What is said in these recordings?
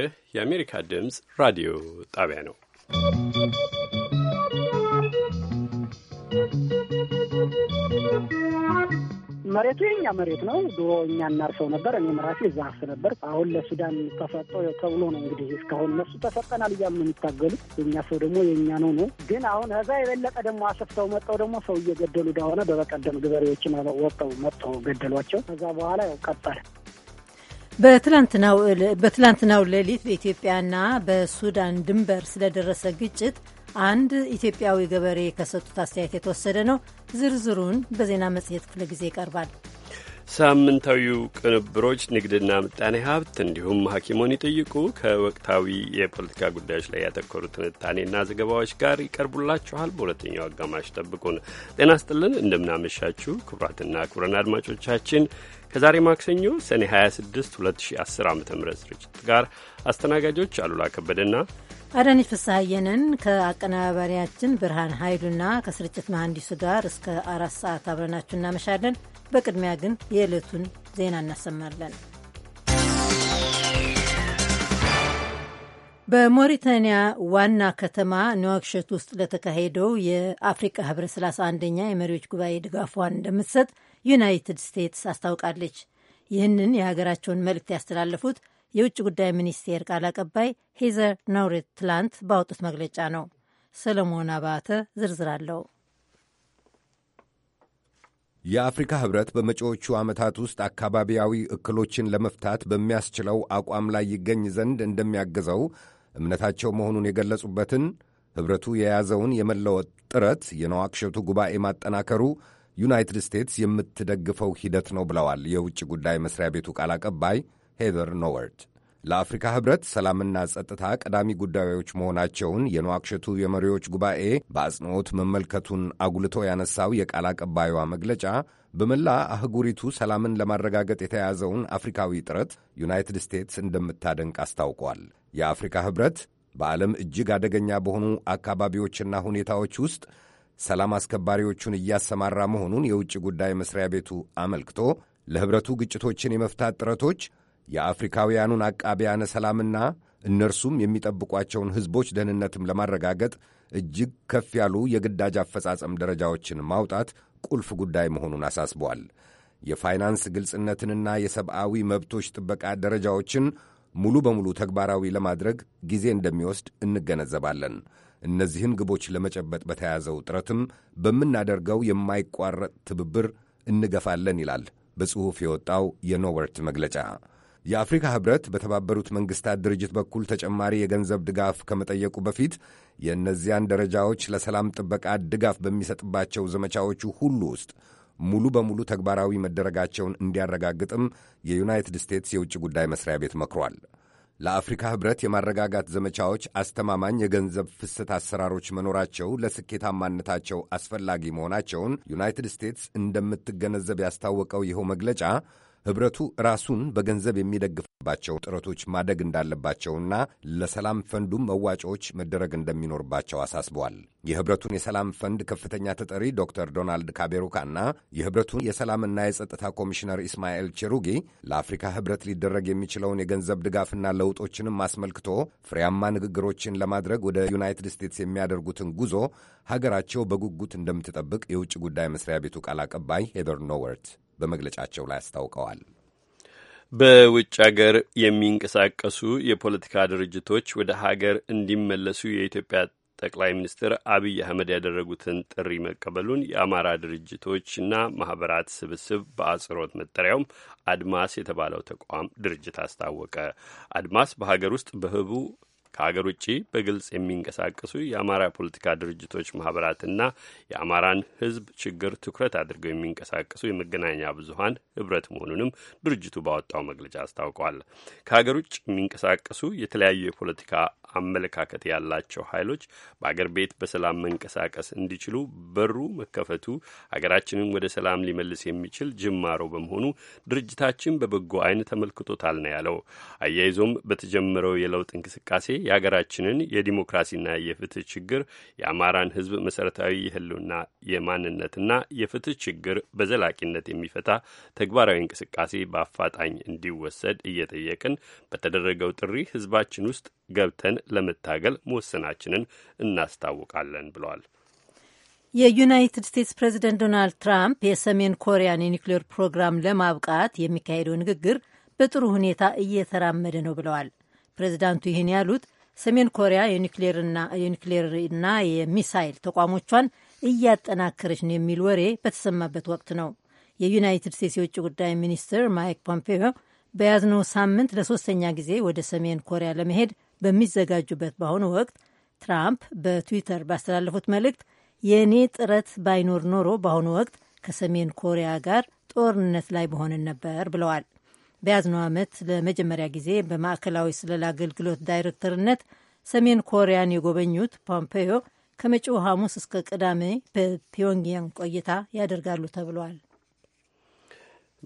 ይህ የአሜሪካ ድምፅ ራዲዮ ጣቢያ ነው። መሬቱ የኛ መሬት ነው። ድሮ እኛ እናርሰው ነበር። እኔ መራሴ እዛ አርስ ነበር። አሁን ለሱዳን ተሰጠ ተብሎ ነው እንግዲህ እስካሁን እነሱ ተሰጠናል እያሉ ነው የሚታገሉት። የእኛ ሰው ደግሞ የእኛ ነው ነው። ግን አሁን እዛ የበለጠ ደግሞ አሰፍተው መጠው ደግሞ ሰው እየገደሉ እንደሆነ በበቀደም ገበሬዎችን ወጠው መጥተው ገደሏቸው። ከዛ በኋላ ያው ቀጠለ በትላንትናው ሌሊት በኢትዮጵያና በሱዳን ድንበር ስለደረሰ ግጭት አንድ ኢትዮጵያዊ ገበሬ ከሰጡት አስተያየት የተወሰደ ነው። ዝርዝሩን በዜና መጽሔት ክፍለ ጊዜ ይቀርባል። ሳምንታዊው ቅንብሮች ንግድና ምጣኔ ሀብት እንዲሁም ሐኪሞን ይጠይቁ ከወቅታዊ የፖለቲካ ጉዳዮች ላይ ያተኮሩ ትንታኔና ዘገባዎች ጋር ይቀርቡላችኋል። በሁለተኛው አጋማሽ ጠብቁን። ጤና ስጥልን፣ እንደምናመሻችሁ ክቡራትና ክቡራን አድማጮቻችን ከዛሬ ማክሰኞ ሰኔ 26 2010 ዓ ም ስርጭት ጋር አስተናጋጆች አሉላ ከበደና አዳነች ፍስሐየንን ከአቀናባሪያችን ብርሃን ኃይሉና ከስርጭት መሐንዲሱ ጋር እስከ አራት ሰዓት አብረናችሁ እናመሻለን። በቅድሚያ ግን የዕለቱን ዜና እናሰማለን። በሞሪታንያ ዋና ከተማ ነዋክሸት ውስጥ ለተካሄደው የአፍሪካ ህብረት 31ኛ የመሪዎች ጉባኤ ድጋፏን እንደምትሰጥ ዩናይትድ ስቴትስ አስታውቃለች። ይህንን የሀገራቸውን መልእክት ያስተላለፉት የውጭ ጉዳይ ሚኒስቴር ቃል አቀባይ ሄዘር ናውሬት ትላንት ባወጡት መግለጫ ነው። ሰለሞን አባተ ዝርዝር አለው። የአፍሪካ ህብረት በመጪዎቹ ዓመታት ውስጥ አካባቢያዊ እክሎችን ለመፍታት በሚያስችለው አቋም ላይ ይገኝ ዘንድ እንደሚያግዘው እምነታቸው መሆኑን የገለጹበትን ህብረቱ የያዘውን የመለወጥ ጥረት የነዋክሸቱ ጉባኤ ማጠናከሩ ዩናይትድ ስቴትስ የምትደግፈው ሂደት ነው ብለዋል የውጭ ጉዳይ መስሪያ ቤቱ ቃል አቀባይ ሄዘር ኖወርድ። ለአፍሪካ ህብረት ሰላምና ጸጥታ ቀዳሚ ጉዳዮች መሆናቸውን የነዋክሸቱ የመሪዎች ጉባኤ በአጽንኦት መመልከቱን አጉልቶ ያነሳው የቃል አቀባዩዋ መግለጫ በመላ አህጉሪቱ ሰላምን ለማረጋገጥ የተያዘውን አፍሪካዊ ጥረት ዩናይትድ ስቴትስ እንደምታደንቅ አስታውቋል። የአፍሪካ ህብረት በዓለም እጅግ አደገኛ በሆኑ አካባቢዎችና ሁኔታዎች ውስጥ ሰላም አስከባሪዎቹን እያሰማራ መሆኑን የውጭ ጉዳይ መስሪያ ቤቱ አመልክቶ ለኅብረቱ ግጭቶችን የመፍታት ጥረቶች የአፍሪካውያኑን አቃቢያነ ሰላምና እነርሱም የሚጠብቋቸውን ሕዝቦች ደህንነትም ለማረጋገጥ እጅግ ከፍ ያሉ የግዳጅ አፈጻጸም ደረጃዎችን ማውጣት ቁልፍ ጉዳይ መሆኑን አሳስቧል። የፋይናንስ ግልጽነትንና የሰብአዊ መብቶች ጥበቃ ደረጃዎችን ሙሉ በሙሉ ተግባራዊ ለማድረግ ጊዜ እንደሚወስድ እንገነዘባለን። እነዚህን ግቦች ለመጨበጥ በተያዘው ጥረትም በምናደርገው የማይቋረጥ ትብብር እንገፋለን ይላል በጽሑፍ የወጣው የኖበርት መግለጫ። የአፍሪካ ህብረት በተባበሩት መንግስታት ድርጅት በኩል ተጨማሪ የገንዘብ ድጋፍ ከመጠየቁ በፊት የእነዚያን ደረጃዎች ለሰላም ጥበቃ ድጋፍ በሚሰጥባቸው ዘመቻዎቹ ሁሉ ውስጥ ሙሉ በሙሉ ተግባራዊ መደረጋቸውን እንዲያረጋግጥም የዩናይትድ ስቴትስ የውጭ ጉዳይ መስሪያ ቤት መክሯል። ለአፍሪካ ህብረት የማረጋጋት ዘመቻዎች አስተማማኝ የገንዘብ ፍሰት አሰራሮች መኖራቸው ለስኬታማነታቸው አስፈላጊ መሆናቸውን ዩናይትድ ስቴትስ እንደምትገነዘብ ያስታወቀው ይኸው መግለጫ ኅብረቱ ራሱን በገንዘብ የሚደግፍባቸው ጥረቶች ማደግ እንዳለባቸውና ለሰላም ፈንዱም መዋጮዎች መደረግ እንደሚኖርባቸው አሳስበዋል። የኅብረቱን የሰላም ፈንድ ከፍተኛ ተጠሪ ዶክተር ዶናልድ ካቤሩካና የኅብረቱን የሰላምና የጸጥታ ኮሚሽነር ኢስማኤል ቼሩጊ ለአፍሪካ ኅብረት ሊደረግ የሚችለውን የገንዘብ ድጋፍና ለውጦችንም አስመልክቶ ፍሬያማ ንግግሮችን ለማድረግ ወደ ዩናይትድ ስቴትስ የሚያደርጉትን ጉዞ ሀገራቸው በጉጉት እንደምትጠብቅ የውጭ ጉዳይ መስሪያ ቤቱ ቃል አቀባይ ሄደር ኖወርት በመግለጫቸው ላይ አስታውቀዋል። በውጭ አገር የሚንቀሳቀሱ የፖለቲካ ድርጅቶች ወደ ሀገር እንዲመለሱ የኢትዮጵያ ጠቅላይ ሚኒስትር አብይ አህመድ ያደረጉትን ጥሪ መቀበሉን የአማራ ድርጅቶችና ማህበራት ስብስብ በአጽሮት መጠሪያውም አድማስ የተባለው ተቋም ድርጅት አስታወቀ። አድማስ በሀገር ውስጥ በህቡ ከሀገር ውጭ በግልጽ የሚንቀሳቀሱ የአማራ ፖለቲካ ድርጅቶች ማህበራትና የአማራን ሕዝብ ችግር ትኩረት አድርገው የሚንቀሳቀሱ የመገናኛ ብዙሀን ህብረት መሆኑንም ድርጅቱ ባወጣው መግለጫ አስታውቋል። ከሀገር ውጭ የሚንቀሳቀሱ የተለያዩ የፖለቲካ አመለካከት ያላቸው ኃይሎች በአገር ቤት በሰላም መንቀሳቀስ እንዲችሉ በሩ መከፈቱ ሀገራችንን ወደ ሰላም ሊመልስ የሚችል ጅማሮ በመሆኑ ድርጅታችን በበጎ አይን ተመልክቶታል ነው ያለው። አያይዞም በተጀመረው የለውጥ እንቅስቃሴ የሀገራችንን የዲሞክራሲና የፍትህ ችግር የአማራን ህዝብ መሠረታዊ የህልውና የማንነትና የፍትህ ችግር በዘላቂነት የሚፈታ ተግባራዊ እንቅስቃሴ በአፋጣኝ እንዲወሰድ እየጠየቅን በተደረገው ጥሪ ህዝባችን ውስጥ ገብተን ለመታገል መወሰናችንን እናስታውቃለን ብለዋል። የዩናይትድ ስቴትስ ፕሬዚደንት ዶናልድ ትራምፕ የሰሜን ኮሪያን የኒውክሌር ፕሮግራም ለማብቃት የሚካሄደው ንግግር በጥሩ ሁኔታ እየተራመደ ነው ብለዋል። ፕሬዚዳንቱ ይህን ያሉት ሰሜን ኮሪያ የኒክሌርና የሚሳይል ተቋሞቿን እያጠናከረች ነው የሚል ወሬ በተሰማበት ወቅት ነው። የዩናይትድ ስቴትስ የውጭ ጉዳይ ሚኒስትር ማይክ ፖምፔዮ በያዝነው ሳምንት ለሶስተኛ ጊዜ ወደ ሰሜን ኮሪያ ለመሄድ በሚዘጋጁበት በአሁኑ ወቅት ትራምፕ በትዊተር ባስተላለፉት መልእክት የእኔ ጥረት ባይኖር ኖሮ በአሁኑ ወቅት ከሰሜን ኮሪያ ጋር ጦርነት ላይ በሆንን ነበር ብለዋል። በያዝነው ዓመት ለመጀመሪያ ጊዜ በማዕከላዊ ስለል አገልግሎት ዳይሬክተርነት ሰሜን ኮሪያን የጎበኙት ፖምፔዮ ከመጪው ሐሙስ እስከ ቅዳሜ በፒዮንግያንግ ቆይታ ያደርጋሉ ተብሏል።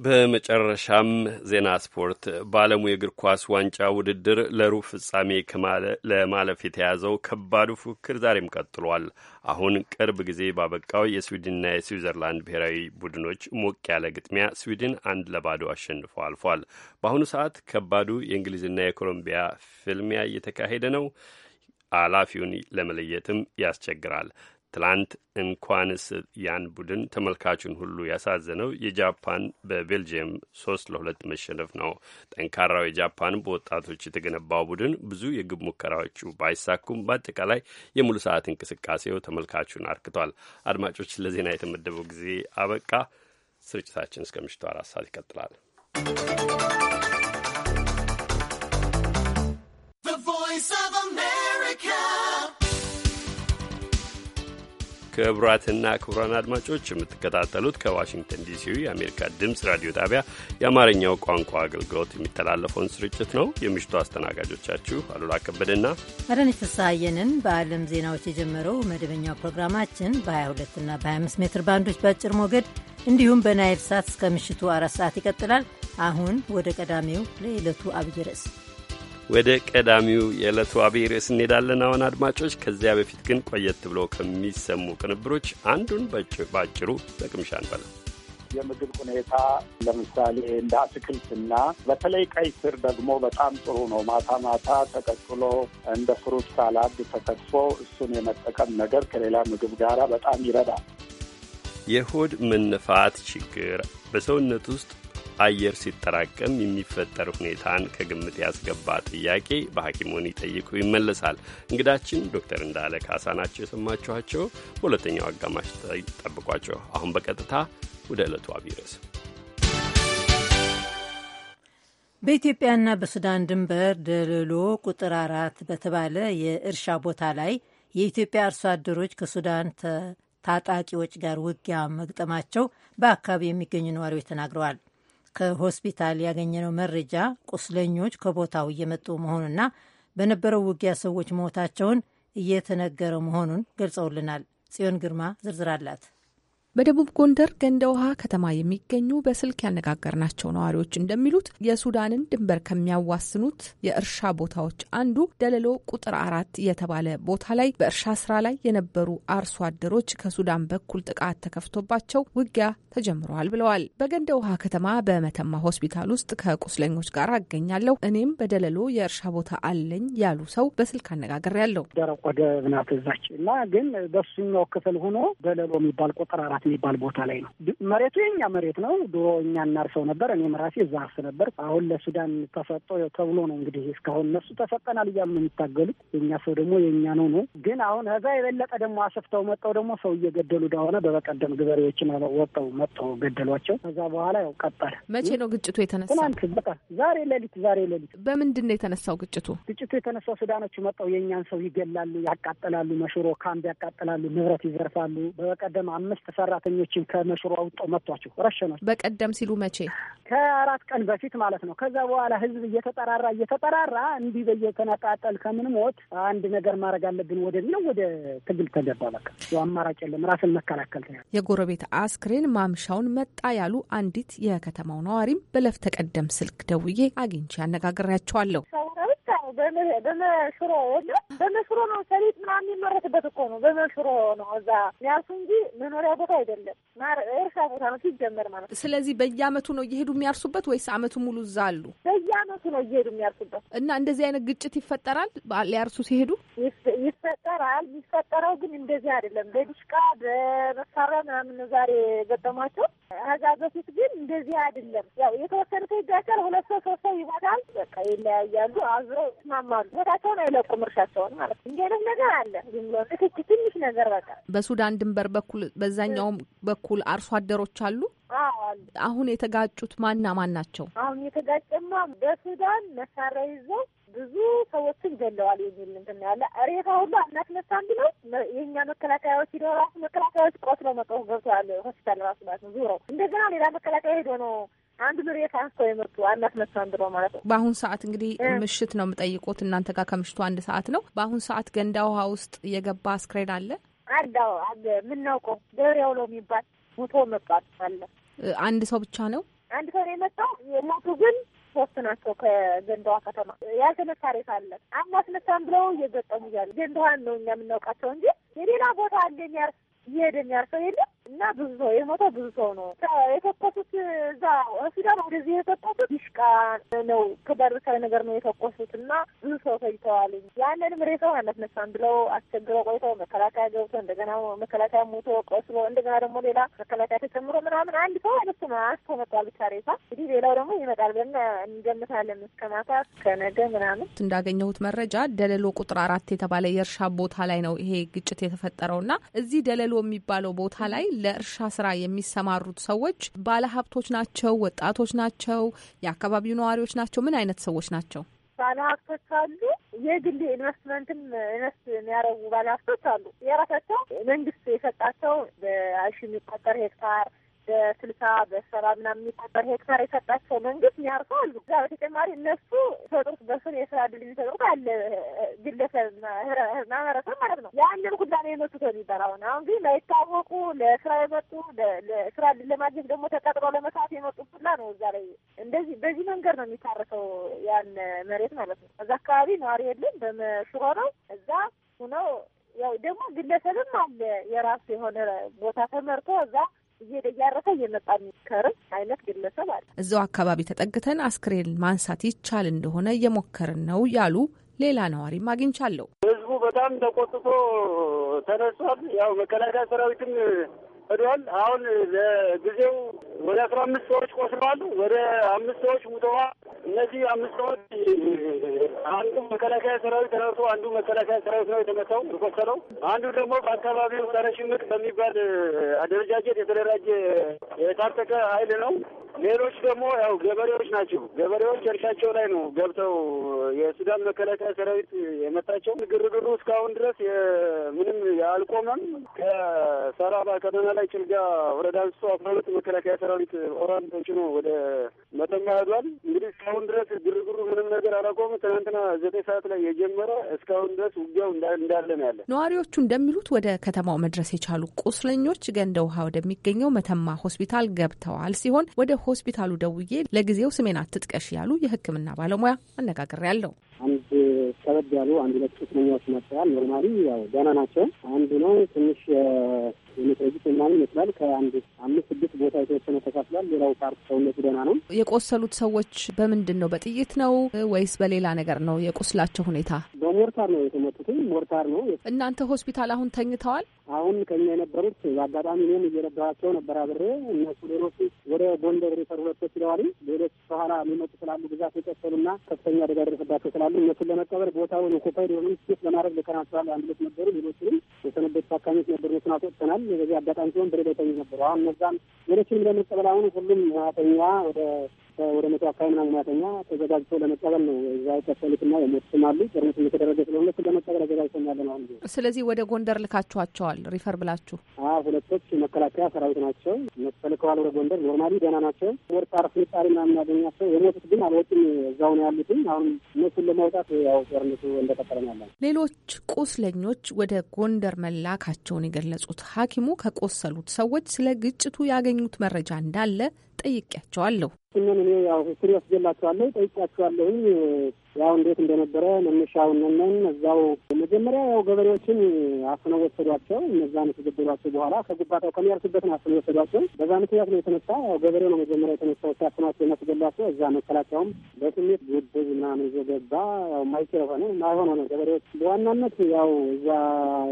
በመጨረሻም ዜና ስፖርት። በዓለሙ የእግር ኳስ ዋንጫ ውድድር ለሩብ ፍጻሜ ለማለፍ የተያዘው ከባዱ ፉክክር ዛሬም ቀጥሏል። አሁን ቅርብ ጊዜ ባበቃው የስዊድንና የስዊዘርላንድ ብሔራዊ ቡድኖች ሞቅ ያለ ግጥሚያ ስዊድን አንድ ለባዶ አሸንፎ አልፏል። በአሁኑ ሰዓት ከባዱ የእንግሊዝና የኮሎምቢያ ፍልሚያ እየተካሄደ ነው። አላፊውን ለመለየትም ያስቸግራል። ትላንት እንኳንስ ያን ቡድን ተመልካቹን ሁሉ ያሳዘነው የጃፓን በቤልጅየም ሶስት ለሁለት መሸነፍ ነው። ጠንካራው የጃፓን በወጣቶች የተገነባው ቡድን ብዙ የግብ ሙከራዎቹ ባይሳኩም በአጠቃላይ የሙሉ ሰዓት እንቅስቃሴው ተመልካቹን አርክቷል። አድማጮች፣ ለዜና የተመደበው ጊዜ አበቃ። ስርጭታችን እስከ ምሽቱ አራት ሰዓት ይቀጥላል። ክቡራትና ክቡራን አድማጮች የምትከታተሉት ከዋሽንግተን ዲሲው የአሜሪካ ድምፅ ራዲዮ ጣቢያ የአማርኛው ቋንቋ አገልግሎት የሚተላለፈውን ስርጭት ነው። የምሽቱ አስተናጋጆቻችሁ አሉላ ከበደና አዳነች ፍስሐየንን። በዓለም ዜናዎች የጀመረው መደበኛው ፕሮግራማችን በ22 እና በ25 ሜትር ባንዶች በአጭር ሞገድ እንዲሁም በናይል ሳት እስከ ምሽቱ አራት ሰዓት ይቀጥላል። አሁን ወደ ቀዳሚው ለዕለቱ አብይ ርዕስ ወደ ቀዳሚው የዕለቱ አብይ ርዕስ እንሄዳለን። አሁን አድማጮች፣ ከዚያ በፊት ግን ቆየት ብሎ ከሚሰሙ ቅንብሮች አንዱን በአጭሩ በቅምሻ እንበላ። የምግብ ሁኔታ ለምሳሌ እንደ አትክልትና በተለይ ቀይ ስር ደግሞ በጣም ጥሩ ነው። ማታ ማታ ተቀቅሎ እንደ ፍሩት ሳላድ ተከትፎ እሱን የመጠቀም ነገር ከሌላ ምግብ ጋር በጣም ይረዳል። የሆድ መነፋት ችግር በሰውነት ውስጥ አየር ሲጠራቀም የሚፈጠር ሁኔታን ከግምት ያስገባ ጥያቄ በሐኪሙን ይጠይቁ ይመለሳል። እንግዳችን ዶክተር እንዳለ ካሳ ናቸው የሰማችኋቸው። በሁለተኛው አጋማሽ ጠብቋቸው። አሁን በቀጥታ ወደ ዕለቱ አብይ በኢትዮጵያና በሱዳን ድንበር ደለሎ ቁጥር አራት በተባለ የእርሻ ቦታ ላይ የኢትዮጵያ አርሶ አደሮች ከሱዳን ታጣቂዎች ጋር ውጊያ መግጠማቸው በአካባቢ የሚገኙ ነዋሪዎች ተናግረዋል። ከሆስፒታል ያገኘነው መረጃ ቁስለኞች ከቦታው እየመጡ መሆኑና በነበረው ውጊያ ሰዎች ሞታቸውን እየተነገረ መሆኑን ገልጸውልናል። ጽዮን ግርማ ዝርዝር አላት። በደቡብ ጎንደር ገንደ ውሃ ከተማ የሚገኙ በስልክ ያነጋገርናቸው ነዋሪዎች እንደሚሉት የሱዳንን ድንበር ከሚያዋስኑት የእርሻ ቦታዎች አንዱ ደለሎ ቁጥር አራት የተባለ ቦታ ላይ በእርሻ ስራ ላይ የነበሩ አርሶ አደሮች ከሱዳን በኩል ጥቃት ተከፍቶባቸው ውጊያ ተጀምረዋል ብለዋል። በገንደ ውሃ ከተማ በመተማ ሆስፒታል ውስጥ ከቁስለኞች ጋር አገኛለሁ። እኔም በደለሎ የእርሻ ቦታ አለኝ ያሉ ሰው በስልክ አነጋግሬያለሁ። ያለው። ደብናት እና ግን በሱኛው ክፍል ሆኖ ደለሎ የሚባል ቁጥር አራት የሚባል ቦታ ላይ ነው። መሬቱ የኛ መሬት ነው። ድሮ እኛ እናርሰው ነበር። እኔም ራሴ እዛ አርስ ነበር። አሁን ለሱዳን ተሰጦ ተብሎ ነው እንግዲህ እስካሁን እነሱ ተሰጠናል እያሉ ነው የሚታገሉት። የእኛ ሰው ደግሞ የእኛ ነው ነው ግን አሁን ከዛ የበለጠ ደግሞ አሰፍተው መጠው ደግሞ ሰው እየገደሉ እንደሆነ በበቀደም ገበሬዎችን ወጠው መጥተው ገደሏቸው። ከዛ በኋላ ያው ቀጠለ። መቼ ነው ግጭቱ የተነሳ? ትናንት በቃ ዛሬ ሌሊት ዛሬ ሌሊት። በምንድን ነው የተነሳው ግጭቱ? ግጭቱ የተነሳው ሱዳኖቹ መጠው የእኛን ሰው ይገላሉ፣ ያቃጥላሉ፣ መሽሮ ካምፕ ያቃጥላሉ፣ ንብረት ይዘርፋሉ። በበቀደም አምስት ሰራ ሰራተኞችን ከመሽሮ አውጠው መቷቸው ረሸኖች። በቀደም ሲሉ መቼ ከአራት ቀን በፊት ማለት ነው። ከዛ በኋላ ህዝብ እየተጠራራ እየተጠራራ እንዲህ በየተነጣጠል ከምን ሞት አንድ ነገር ማድረግ አለብን ወደሚለው ወደ ትግል ተገባ። በቃ አማራጭ የለም ራስን መከላከል የጎረቤት አስክሬን ማምሻውን መጣ ያሉ አንዲት የከተማው ነዋሪም በለፍ ተቀደም ስልክ ደውዬ አግኝቼ ያነጋግሬያቸዋለሁ። በመሽሮ የለም በመሽሮ ነው ሰሊጥ ምናምን የሚመረትበት እኮ ነው። በመሽሮ ነው እዛ ያሱ እንጂ መኖሪያ ቦታ አይደለም። እርሻ ቦታ ነው ሲጀመር ማለት ነው። ስለዚህ በየአመቱ ነው እየሄዱ የሚያርሱበት ወይስ አመቱ ሙሉ እዛ አሉ? በየአመቱ ነው እየሄዱ የሚያርሱበት እና እንደዚህ አይነት ግጭት ይፈጠራል ሊያርሱ ሲሄዱ ይፈጠራል። የሚፈጠረው ግን እንደዚህ አይደለም፣ በዲሽቃ በመሳሪያ ምናምን ዛሬ ገጠሟቸው። ከዛ በፊት ግን እንደዚህ አይደለም። ያው የተወሰነ ሰው ይጋጫል፣ ሁለት ሰው ሶስት ሰው ይሞታል። በቃ ይለያያሉ፣ አዝረው ይስማማሉ። ቦታቸውን አይለቁም፣ እርሻቸውን ማለት ነው። እንዲህ አይነት ነገር አለ። ዝም ብሎ ትንሽ ነገር በቃ በሱዳን ድንበር በኩል በዛኛውም በኩል በኩል አርሶ አደሮች አሉ። አሁን የተጋጩት ማና ማን ናቸው? አሁን የተጋጨማ በሱዳን መሳሪያ ይዘው ብዙ ሰዎችን ገለዋል የሚል እንትን ያለ ሬሳ ሁሉ አናስነሳም ብለው የእኛ መከላከያዎች ሂደው ራሱ መከላከያዎች ቆስለው ገብቶ ያለ ሆስፒታል ራሱ ማለት ነው ዙረው እንደገና ሌላ መከላከያ ሄዶ ነው አንድ ምሬት አንስተው የመጡ አናስነሳም ብለው ማለት ነው። በአሁን ሰዓት እንግዲህ ምሽት ነው የምጠይቁት እናንተ ጋር ከምሽቱ አንድ ሰዓት ነው። በአሁን ሰዓት ገንዳ ውሃ ውስጥ የገባ አስክሬን አለ አዳው አለ የምናውቀው ደብሬ የሚባል ሙቶ መጣት አለ። አንድ ሰው ብቻ ነው አንድ ሰው ነው የመጣው። የሞቱ ግን ሶስት ናቸው። ከገንዳዋ ከተማ ያልተነሳ ሬሳ አለ። አናስነሳም ብለው እየገጠሙ እያሉ ገንዳዋን ነው እኛ የምናውቃቸው እንጂ የሌላ ቦታ አለ የሚያርስ እየሄደ የሚያርሰው የለም እና ብዙ ሰው የሞተ ብዙ ሰው ነው የተኮሱት። እዛ ሱዳን ወደዚህ የተኮሱት ዲሽቃ ነው፣ ክበር ሰለ ነገር ነው የተኮሱት እና ብዙ ሰው ፈጅተዋል። ያንንም ሬሳውን አናስነሳም ብለው አስቸግረው ቆይተው መከላከያ ገብቶ እንደገና መከላከያ ሞቶ ቆስሎ እንደገና ደግሞ ሌላ መከላከያ ተጨምሮ ምናምን አንድ ሰው አነሱ አስቶ መጥቷል። ብቻ ሬሳ እንግዲህ ሌላው ደግሞ ይመጣል ብለን እንገምታለን። እስከ ማታ እስከ ነገ ምናምን እንዳገኘሁት መረጃ ደለሎ ቁጥር አራት የተባለ የእርሻ ቦታ ላይ ነው ይሄ ግጭት የተፈጠረው እና እዚህ ደለሎ ቃሎ የሚባለው ቦታ ላይ ለእርሻ ስራ የሚሰማሩት ሰዎች ባለሀብቶች ናቸው? ወጣቶች ናቸው? የአካባቢው ነዋሪዎች ናቸው? ምን አይነት ሰዎች ናቸው? ባለሀብቶች አሉ። የግል ኢንቨስትመንትም ኢንቨስት የሚያደርጉ ባለሀብቶች አሉ። የራሳቸው መንግስት የሰጣቸው በአሺ የሚቆጠር ሄክታር በስልሳ በሰባ ምናምን የሚቆጠር ሄክታር የሰጣቸው መንግስት የሚያርሰው አሉ። እዛ በተጨማሪ እነሱ ሰጡት በሱን የስራ ድል የሚሰጡት አለ ግለሰብ ማህበረሰብ ማለት ነው። ያንን ሁላ ነው የመቱት የሚባል አሁን አሁን ግን ላይታወቁ ለስራ የመጡ ለስራ ድል ለማግኘት ደግሞ ተቀጥሮ ለመስራት የመጡ ሁላ ነው እዛ ላይ እንደዚህ በዚህ መንገድ ነው የሚታረሰው ያን መሬት ማለት ነው። እዛ አካባቢ ነዋሪ የለም በመሽሮ ነው እዛ ሁነው ያው ደግሞ ግለሰብም አለ የራሱ የሆነ ቦታ ተመርቶ እዛ እየሄደ እያረፈ እየመጣ የሚከርም አይነት ግለሰብ አለ። እዛው አካባቢ ተጠግተን አስክሬን ማንሳት ይቻል እንደሆነ እየሞከርን ነው ያሉ ሌላ ነዋሪም አግኝቻለሁ። ህዝቡ በጣም ተቆጥቶ ተነሷል። ያው መከላከያ ሰራዊትም ሄዷል። አሁን ለጊዜው ወደ አስራ አምስት ሰዎች ቆስለዋል። ወደ አምስት ሰዎች ሙተዋል። እነዚህ አምስት ሰዎች አንዱ መከላከያ ሰራዊት ራሱ አንዱ መከላከያ ሰራዊት ነው የተመታው የቆሰለው። አንዱ ደግሞ በአካባቢው ጸረ ሽምቅ በሚባል አደረጃጀት የተደራጀ የታጠቀ ኃይል ነው። ሌሎች ደግሞ ያው ገበሬዎች ናቸው። ገበሬዎች እርሻቸው ላይ ነው ገብተው የሱዳን መከላከያ ሰራዊት የመታቸው። ግርግሩ እስካሁን ድረስ ምንም አልቆመም። ከሰራባ ከተና በላይ ጭልጋ ወረዳ አንስቶ አስራ ሁለት መከላከያ ሰራዊት ኦራን ተጭኖ ወደ መተማ ሄዷል። እንግዲህ እስካሁን ድረስ ግርግሩ ምንም ነገር አላቆምም። ትናንትና ዘጠኝ ሰዓት ላይ የጀመረ እስካሁን ድረስ ውጊያው እንዳለ ነው ያለ። ነዋሪዎቹ እንደሚሉት ወደ ከተማው መድረስ የቻሉ ቁስለኞች ገንደ ውሃ ወደሚገኘው መተማ ሆስፒታል ገብተዋል ሲሆን ወደ ሆስፒታሉ ደውዬ ለጊዜው ስሜን አትጥቀሽ ያሉ የሕክምና ባለሙያ ያለው አንድ ከበድ ያሉ አንድ ሁለት ቁስለኛዎች መጥተዋል። ኖርማሊ ያው ደህና ናቸው። አንዱ ነው ትንሽ የሜትሮጂት ምናምን ይመስላል። ከአንድ አምስት ስድስት ቦታ የተወሰነ ተካፍሏል። ሌላው ፓርክ ሰውነቱ ደህና ነው። የቆሰሉት ሰዎች በምንድን ነው? በጥይት ነው ወይስ በሌላ ነገር ነው? የቁስላቸው ሁኔታ በሞርታር ነው የተመቱትም፣ ሞርታር ነው። እናንተ ሆስፒታል አሁን ተኝተዋል? አሁን ከኛ የነበሩት በአጋጣሚ እኔም እየረዳኋቸው ነበር አብሬ። እነሱ ሌሎች ወደ ጎንደር ሪፈር ሁለት ሲለዋል። ሌሎች በኋላ የሚመጡ ስላሉ ብዛት የቆሰሉና ከፍተኛ አደጋ ደረሰባቸው ስላሉ እነሱን ለመቀበር ቦታውን ኮፓይድ ሆኑ ስት ለማድረግ ልከናቸዋል። አንድ ሌት ነበሩ። ሌሎችንም የሰነበቱ ታካሚዎች ነበሩ። ስናት ወጥተናል ተምረዋል። በዚህ አጋጣሚ ሲሆን ብሬ ላይ ተኙ ነበሩ። አሁን እነዛም ሌሎችንም ለመቀበል አሁን ሁሉም ሙያተኛ ወደ ወደ መቶ አካባቢ ምናምን ማተኛ ተዘጋጅቶ ለመቀበል ነው። እዛ የቆሰሉትና የሞቱትም አሉ። ጦርነት እየተደረገ ስለሆነ እሱን ለመቀበል አዘጋጅቶ ያለ ነው። ስለዚህ ወደ ጎንደር ልካችኋቸዋል? ሪፈር ብላችሁ? ሁለቶች መከላከያ ሰራዊት ናቸው። ተልከዋል ወደ ጎንደር። ኖርማሊ ደህና ናቸው። ወር ጣር ፍንጣሪ ምናምን ያገኛቸው። የሞቱት ግን አልወጡም፣ እዛው ነው ያሉትም። አሁን እነሱን ለማውጣት ያው ጦርነቱ እንደቀጠለ ነው ያለ። ሌሎች ቁስለኞች ወደ ጎንደር መላካቸውን የገለጹት ሐኪሙ ከቆሰሉት ሰዎች ስለ ግጭቱ ያገኙት መረጃ እንዳለ ጠይቄያቸዋለሁ። እሱንን እኔ ያው ስሪ ወስጀላቸዋለሁ ጠይቃቸዋለሁኝ ያው እንዴት እንደነበረ መነሻውን ነን እዛው መጀመሪያ ያው ገበሬዎችን አፍነው ወሰዷቸው። እነዛን የተገደሏቸው በኋላ ከጉባታው ከሚያርሱበትን አፍነው ወሰዷቸው። በዛ ምክንያት ነው የተነሳ ያው ገበሬው ነው መጀመሪያ የተነሳው ሲያፍኗቸው የሚያስገሏቸው። እዛ መከላከያውም በስሜት ጉብዝ ምናምን ይዞ ገባ። ያው ማይችል የሆነ ማይሆን ሆነ። ገበሬዎች በዋናነት ያው እዛ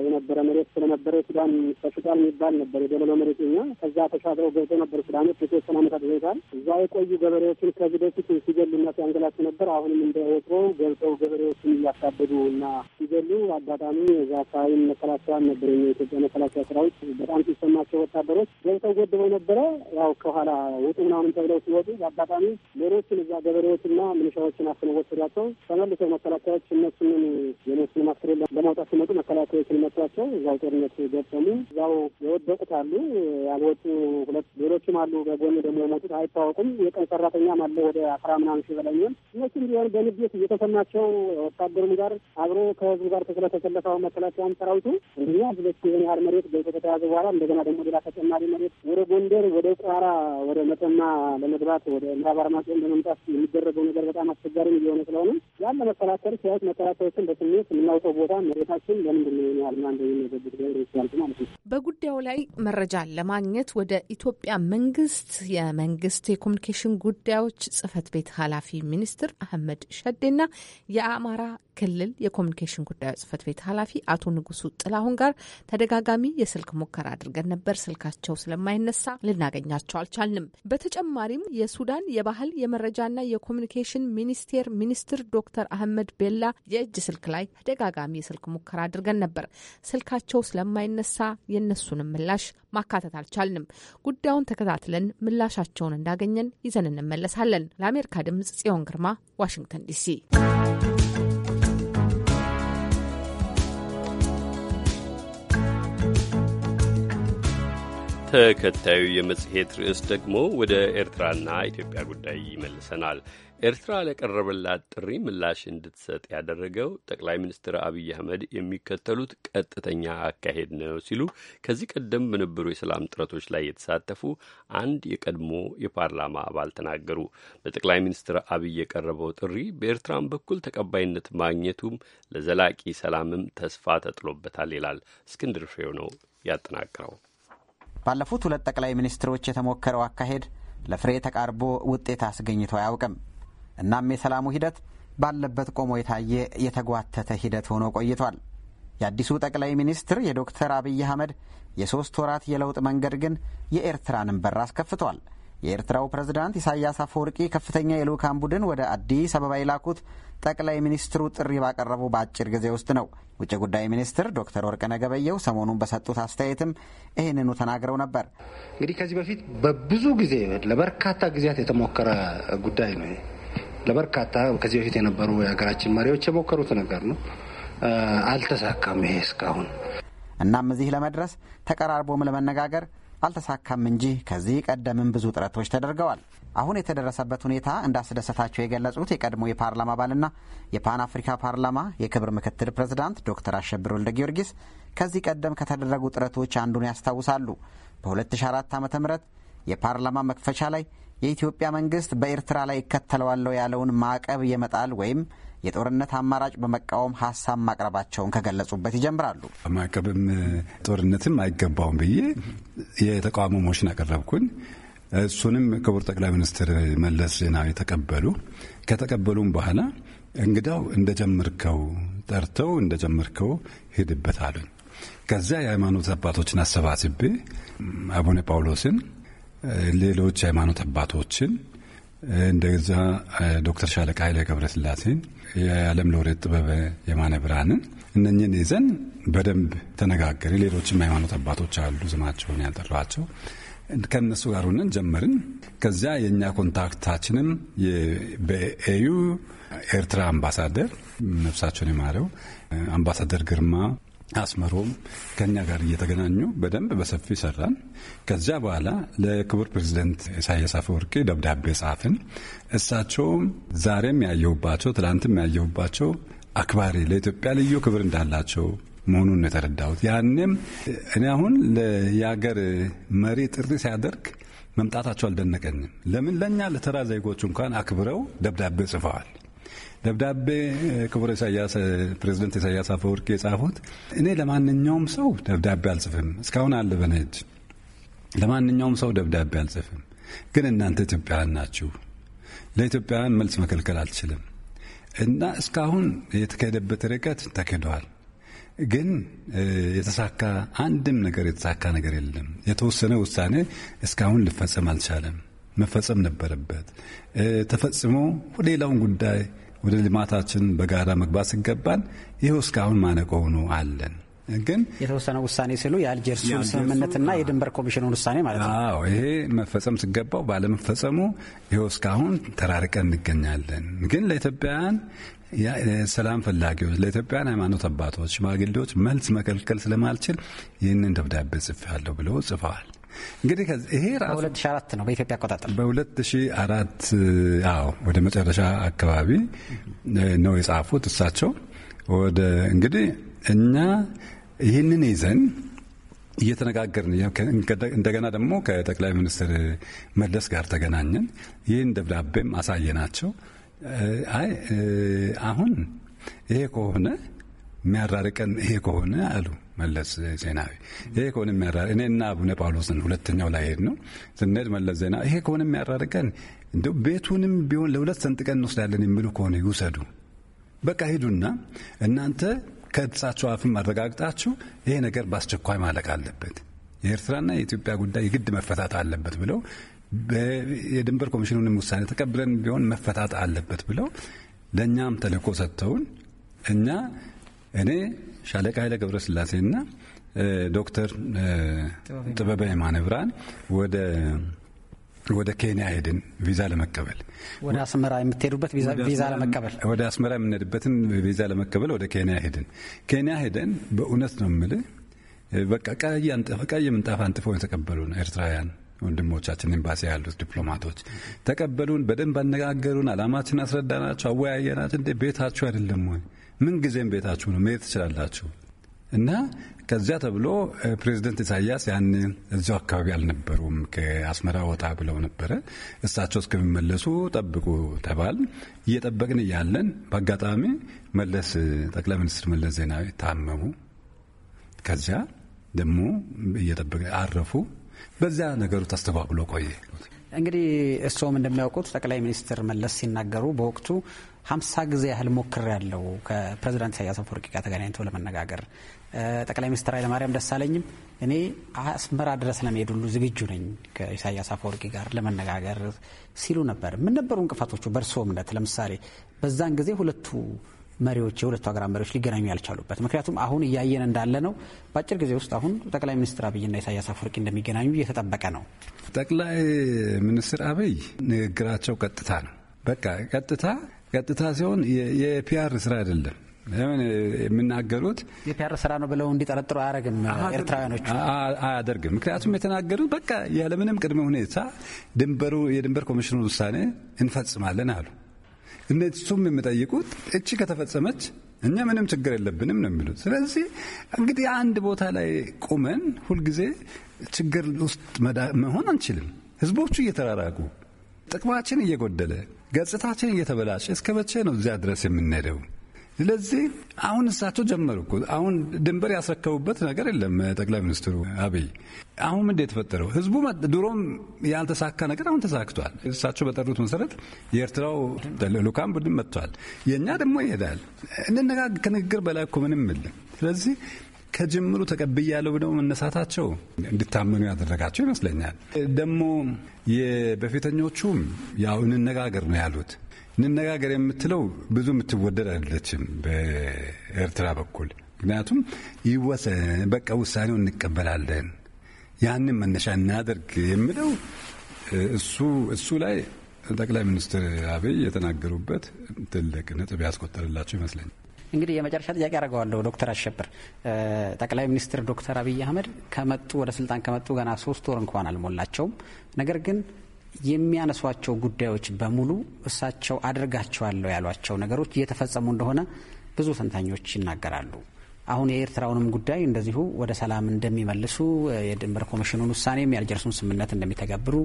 የነበረ መሬት ስለነበረ ሱዳን ተሽጧል የሚባል ነበር የደለሎ መሬት ኛ ከዛ ተሻግረው ገብተው ነበር ሱዳኖች የተወሰነ አመታት ይዘይታል። እዛ የቆዩ ገበሬዎችን ከዚህ በፊት ሲገሉና ሲያንገላቸው ነበር። አሁንም እንደ አልፈው ገብተው ገበሬዎችን እያሳበዱ እና ሲገሉ አጋጣሚ እዛ አካባቢ መከላከያ ነበር የኢትዮጵያ መከላከያ ሰራዊት በጣም ሲሰማቸው ወታደሮች ገብተው ገድበው ነበረ። ያው ከኋላ ውጡ ምናምን ተብለው ሲወጡ በአጋጣሚ ሌሎችን እዛ ገበሬዎች ገበሬዎችና ምንሻዎችን አፍነው ወሰዷቸው። ተመልሰው መከላከያዎች እነሱንም የነሱን ማስሬ ለማውጣት ሲመጡ መከላከያዎችን መቷቸው። እዛው ጦርነት ገጠሙ። እዛው የወደቁት አሉ፣ ያልወጡ ሁለት ሌሎችም አሉ። በጎን ደግሞ የሞቱት አይታወቁም። የቀን ሰራተኛም አለ ወደ አስራ ምናምን ሲበላኛል እነሱም ቢሆን በንዴት የተሰማቸው ወታደሩም ጋር አብሮ ከህዝቡ ጋር ስለተሰለፈው መከላከያም ሰራዊቱ እንግዲህ ሁለት የሆነ ያህል መሬት ገብቶ ከተያዘ በኋላ እንደገና ደግሞ ሌላ ተጨማሪ መሬት ወደ ጎንደር፣ ወደ ቋራ፣ ወደ መተማ ለመግባት ወደ ምዕራብ አርማጭሆን ለመምጣት የሚደረገው ነገር በጣም አስቸጋሪ እየሆነ ስለሆነ ያን ለመከላከል ሲያዩት መከላከያዎችን በስሜት የምናውቀው ቦታ መሬታችን ለምንድን ነው ያህል ማንደ የሚያገብት ገብር ይችላል ማለት ነው። በጉዳዩ ላይ መረጃ ለማግኘት ወደ ኢትዮጵያ መንግስት የመንግስት የኮሚኒኬሽን ጉዳዮች ጽህፈት ቤት ኃላፊ ሚኒስትር አህመድ ሸዴ ጉዳይና የአማራ ክልል የኮሚኒኬሽን ጉዳዮች ጽህፈት ቤት ኃላፊ አቶ ንጉሱ ጥላሁን ጋር ተደጋጋሚ የስልክ ሙከራ አድርገን ነበር። ስልካቸው ስለማይነሳ ልናገኛቸው አልቻልንም። በተጨማሪም የሱዳን የባህል የመረጃና የኮሚኒኬሽን ሚኒስቴር ሚኒስትር ዶክተር አህመድ ቤላ የእጅ ስልክ ላይ ተደጋጋሚ የስልክ ሙከራ አድርገን ነበር። ስልካቸው ስለማይነሳ የእነሱንም ምላሽ ማካተት አልቻልንም። ጉዳዩን ተከታትለን ምላሻቸውን እንዳገኘን ይዘን እንመለሳለን። ለአሜሪካ ድምጽ ጽዮን ግርማ ዋሽንግተን ዲሲ። ተከታዩ የመጽሔት ርዕስ ደግሞ ወደ ኤርትራና ኢትዮጵያ ጉዳይ ይመልሰናል። ኤርትራ ለቀረበላት ጥሪ ምላሽ እንድትሰጥ ያደረገው ጠቅላይ ሚኒስትር አብይ አህመድ የሚከተሉት ቀጥተኛ አካሄድ ነው ሲሉ ከዚህ ቀደም በነበሩ የሰላም ጥረቶች ላይ የተሳተፉ አንድ የቀድሞ የፓርላማ አባል ተናገሩ። በጠቅላይ ሚኒስትር አብይ የቀረበው ጥሪ በኤርትራም በኩል ተቀባይነት ማግኘቱም ለዘላቂ ሰላምም ተስፋ ተጥሎበታል ይላል። እስክንድር ፍሬው ነው ያጠናቅረው። ባለፉት ሁለት ጠቅላይ ሚኒስትሮች የተሞከረው አካሄድ ለፍሬ ተቃርቦ ውጤት አስገኝቶ አያውቅም። እናም የሰላሙ ሂደት ባለበት ቆሞ የታየ የተጓተተ ሂደት ሆኖ ቆይቷል። የአዲሱ ጠቅላይ ሚኒስትር የዶክተር አብይ አህመድ የሶስት ወራት የለውጥ መንገድ ግን የኤርትራንም በር አስከፍቷል። የኤርትራው ፕሬዝዳንት ኢሳያስ አፈወርቂ ከፍተኛ የልዑካን ቡድን ወደ አዲስ አበባ የላኩት ጠቅላይ ሚኒስትሩ ጥሪ ባቀረቡ በአጭር ጊዜ ውስጥ ነው። ውጭ ጉዳይ ሚኒስትር ዶክተር ወርቅነህ ገበየሁ ሰሞኑን በሰጡት አስተያየትም ይህንኑ ተናግረው ነበር። እንግዲህ ከዚህ በፊት በብዙ ጊዜ ለበርካታ ጊዜያት የተሞከረ ጉዳይ ነው ለበርካታ ከዚህ በፊት የነበሩ የሀገራችን መሪዎች የሞከሩት ነገር ነው። አልተሳካም ይሄ እስካሁን። እናም እዚህ ለመድረስ ተቀራርቦም ለመነጋገር አልተሳካም እንጂ ከዚህ ቀደምም ብዙ ጥረቶች ተደርገዋል። አሁን የተደረሰበት ሁኔታ እንዳስደሰታቸው የገለጹት የቀድሞ የፓርላማ አባልና የፓን አፍሪካ ፓርላማ የክብር ምክትል ፕሬዝዳንት ዶክተር አሸብር ወልደ ጊዮርጊስ ከዚህ ቀደም ከተደረጉ ጥረቶች አንዱን ያስታውሳሉ። በ2004 ዓ ም የፓርላማ መክፈቻ ላይ የኢትዮጵያ መንግስት በኤርትራ ላይ ይከተለዋለው ያለውን ማዕቀብ የመጣል ወይም የጦርነት አማራጭ በመቃወም ሀሳብ ማቅረባቸውን ከገለጹበት ይጀምራሉ። ማዕቀብም ጦርነትም አይገባውም ብዬ የተቃውሞ ሞሽን አቀረብኩኝ። እሱንም ክቡር ጠቅላይ ሚኒስትር መለስ ዜናዊ ተቀበሉ። ከተቀበሉም በኋላ እንግዳው እንደጀመርከው ጠርተው እንደጀመርከው ሂድበት አሉኝ። ከዚያ የሃይማኖት አባቶችን አሰባስቤ አቡነ ጳውሎስን ሌሎች ሃይማኖት አባቶችን እንደዛ ዶክተር ሻለቃ ኃይለ ገብረስላሴን የዓለም ሎሬት ጥበበ የማነ ብርሃንን እነኝን ይዘን በደንብ ተነጋገርን። ሌሎችም ሃይማኖት አባቶች አሉ ስማቸውን ያልጠራቸው ከእነሱ ጋር ሆነን ጀመርን። ከዚያ የእኛ ኮንታክታችንም በኤዩ ኤርትራ አምባሳደር ነፍሳቸውን የማረው አምባሳደር ግርማ አስመሮም ከኛ ጋር እየተገናኙ በደንብ በሰፊ ሰራን። ከዚያ በኋላ ለክቡር ፕሬዚደንት ኢሳያስ አፈወርቂ ደብዳቤ ጻፍን። እሳቸውም ዛሬም ያየሁባቸው ትላንትም ያየሁባቸው አክባሪ ለኢትዮጵያ ልዩ ክብር እንዳላቸው መሆኑን የተረዳሁት ያንም እኔ አሁን የሀገር መሪ ጥሪ ሲያደርግ መምጣታቸው አልደነቀኝም። ለምን ለእኛ ለተራ ዜጎች እንኳን አክብረው ደብዳቤ ጽፈዋል። ደብዳቤ ክቡር ኢሳያስ ፕሬዚደንት ኢሳያስ አፈወርቅ የጻፉት እኔ ለማንኛውም ሰው ደብዳቤ አልጽፍም፣ እስካሁን አለ በነጅ ለማንኛውም ሰው ደብዳቤ አልጽፍም። ግን እናንተ ኢትዮጵያውያን ናችሁ፣ ለኢትዮጵያውያን መልስ መከልከል አልችልም እና እስካሁን የተካሄደበት ርቀት ተካሂደዋል። ግን የተሳካ አንድም ነገር የተሳካ ነገር የለም። የተወሰነ ውሳኔ እስካሁን ሊፈጸም አልቻለም። መፈጸም ነበረበት። ተፈጽሞ ሌላውን ጉዳይ ወደ ልማታችን በጋራ መግባት ሲገባን ይህ እስካሁን ማነቆ ሆኖ አለን። ግን የተወሰነ ውሳኔ ሲሉ የአልጀርሱን ስምምነትና የድንበር ኮሚሽኑን ውሳኔ ማለት ነው። ይሄ መፈጸም ሲገባው ባለመፈጸሙ ይኸው እስካሁን ተራርቀን እንገኛለን። ግን ለኢትዮጵያውያን ሰላም ፈላጊዎች፣ ለኢትዮጵያውያን ሃይማኖት አባቶች፣ ሽማግሌዎች መልስ መከልከል ስለማልችል ይህንን ደብዳቤ ጽፌያለሁ ብለው ጽፈዋል። እንግዲህ ይሄ ሺ አራት ነው በኢትዮጵያ አቆጣጠር ሺ አራት አዎ ወደ መጨረሻ አካባቢ ነው የጻፉት እሳቸው። ወደ እንግዲህ እኛ ይህንን ይዘን እየተነጋገርን እንደገና ደግሞ ከጠቅላይ ሚኒስትር መለስ ጋር ተገናኘን። ይህን ደብዳቤም ናቸው። አይ አሁን ይሄ ከሆነ የሚያራርቀን ይሄ ከሆነ አሉ መለስ ዜናዊ። ይሄ ከሆነ የሚያራርቀን እኔና አቡነ ጳውሎስን ሁለተኛው ላይ ሄድ ነው ስንሄድ መለስ ዜናዊ ይሄ ከሆነ የሚያራርቀን እንዲ ቤቱንም ቢሆን ለሁለት ሰንጥቀን እንወስዳለን የሚሉ ከሆነ ይውሰዱ። በቃ ሂዱና እናንተ ከእርሳቸው አፍም አረጋግጣችሁ ይሄ ነገር በአስቸኳይ ማለቅ አለበት፣ የኤርትራና የኢትዮጵያ ጉዳይ የግድ መፈታት አለበት ብለው የድንበር ኮሚሽኑንም ውሳኔ ተቀብለን ቢሆን መፈታት አለበት ብለው ለእኛም ተልእኮ ሰጥተውን እኛ እኔ ሻለቃ ኃይለ ገብረስላሴና ዶክተር ጥበበ የማነ ብርሃን ወደ ወደ ኬንያ ሄድን ቪዛ ለመቀበል ወደ አስመራ የምትሄዱበት ቪዛ ለመቀበል ወደ አስመራ የምንሄድበትን ቪዛ ለመቀበል ወደ ኬንያ ሄድን። ኬንያ ሄደን በእውነት ነው የምልህ በቃ ቀይ ምንጣፍ አንጥፈው የተቀበሉን ኤርትራውያን ወንድሞቻችን ኤምባሲ ያሉት ዲፕሎማቶች ተቀበሉን። በደንብ አነጋገሩን። አላማችን አስረዳናቸው፣ አወያየናቸው። እንዴ ቤታችሁ አይደለም ወይ ምንጊዜም ቤታችሁ ነው መሄድ ትችላላችሁ እና ከዚያ ተብሎ ፕሬዚደንት ኢሳያስ ያን እዚው አካባቢ አልነበሩም። ከአስመራ ወጣ ብለው ነበረ። እሳቸው እስከሚመለሱ ጠብቁ ተባል። እየጠበቅን እያለን በአጋጣሚ መለስ ጠቅላይ ሚኒስትር መለስ ዜናዊ ታመሙ። ከዚያ ደግሞ እየጠበቅን አረፉ። በዚያ ነገሩ ተስተጓጉሎ ቆየ። እንግዲህ እርስዎም እንደሚያውቁት ጠቅላይ ሚኒስትር መለስ ሲናገሩ በወቅቱ ሀምሳ ጊዜ ያህል ሞክር ያለው ከፕሬዚዳንት ኢሳያስ አፈወርቂ ጋር ተገናኝተው ለመነጋገር ጠቅላይ ሚኒስትር ኃይለማርያም ደሳለኝም እኔ አስመራ ድረስ ለመሄድ ሁሉ ዝግጁ ነኝ ከኢሳያስ አፈወርቂ ጋር ለመነጋገር ሲሉ ነበር። ምን ነበሩ እንቅፋቶቹ በእርስዎ እምነት? ለምሳሌ በዛን ጊዜ ሁለቱ መሪዎች የሁለቱ ሀገራት መሪዎች ሊገናኙ ያልቻሉበት ምክንያቱም አሁን እያየን እንዳለ ነው። በአጭር ጊዜ ውስጥ አሁን ጠቅላይ ሚኒስትር አብይና ኢሳያስ አፈወርቂ እንደሚገናኙ እየተጠበቀ ነው። ጠቅላይ ሚኒስትር አብይ ንግግራቸው ቀጥታ ነው። በቃ ቀጥታ ቀጥታ ሲሆን የፒአር ስራ አይደለም የምናገሩት የፒያር ስራ ነው ብለው እንዲጠረጥሩ አያደርግም። ኤርትራውያኖቹ አያደርግም። ምክንያቱም የተናገሩት በቃ ያለምንም ቅድመ ሁኔታ ድንበሩ የድንበር ኮሚሽኑ ውሳኔ እንፈጽማለን አሉ። እነሱም የሚጠይቁት እቺ ከተፈጸመች እኛ ምንም ችግር የለብንም ነው የሚሉት። ስለዚህ እንግዲህ አንድ ቦታ ላይ ቁመን ሁልጊዜ ችግር ውስጥ መሆን አንችልም። ህዝቦቹ እየተራራቁ ጥቅማችን እየጎደለ ገጽታችን እየተበላሸ እስከ መቼ ነው እዚያ ድረስ የምንሄደው? ስለዚህ አሁን እሳቸው ጀመሩ እኮ አሁን ድንበር ያስረከቡበት ነገር የለም። ጠቅላይ ሚኒስትሩ አብይ አሁን ምንድ የተፈጠረው ህዝቡ ድሮም ያልተሳካ ነገር አሁን ተሳክቷል። እሳቸው በጠሩት መሰረት የኤርትራው ልኡካን ቡድን መጥቷል። የእኛ ደግሞ ይሄዳል። እንነጋገር ከንግግር በላይ እኮ ምንም የለም። ስለዚህ ከጅምሩ ተቀብያለሁ ብለው መነሳታቸው እንዲታመኑ ያደረጋቸው ይመስለኛል። ደግሞ የበፊተኞቹም ያው እንነጋገር ነው ያሉት እንነጋገር የምትለው ብዙ የምትወደድ አይደለችም በኤርትራ በኩል። ምክንያቱም ይወሰ በቃ ውሳኔው እንቀበላለን ያንን መነሻ እናደርግ የሚለው እሱ እሱ ላይ ጠቅላይ ሚኒስትር አብይ የተናገሩበት ትልቅ ነጥብ ያስቆጠርላቸው ይመስለኛል። እንግዲህ የመጨረሻ ጥያቄ አደርገዋለሁ። ዶክተር አሸብር ጠቅላይ ሚኒስትር ዶክተር አብይ አህመድ ከመጡ ወደ ስልጣን ከመጡ ገና ሶስት ወር እንኳን አልሞላቸውም። ነገር ግን የሚያነሷቸው ጉዳዮች በሙሉ እሳቸው አድርጋቸዋለሁ ያሏቸው ነገሮች እየተፈጸሙ እንደሆነ ብዙ ተንታኞች ይናገራሉ። አሁን የኤርትራውንም ጉዳይ እንደዚሁ ወደ ሰላም እንደሚመልሱ የድንበር ኮሚሽኑን ውሳኔም የአልጀርሱን ስምምነት እንደሚተገብሩ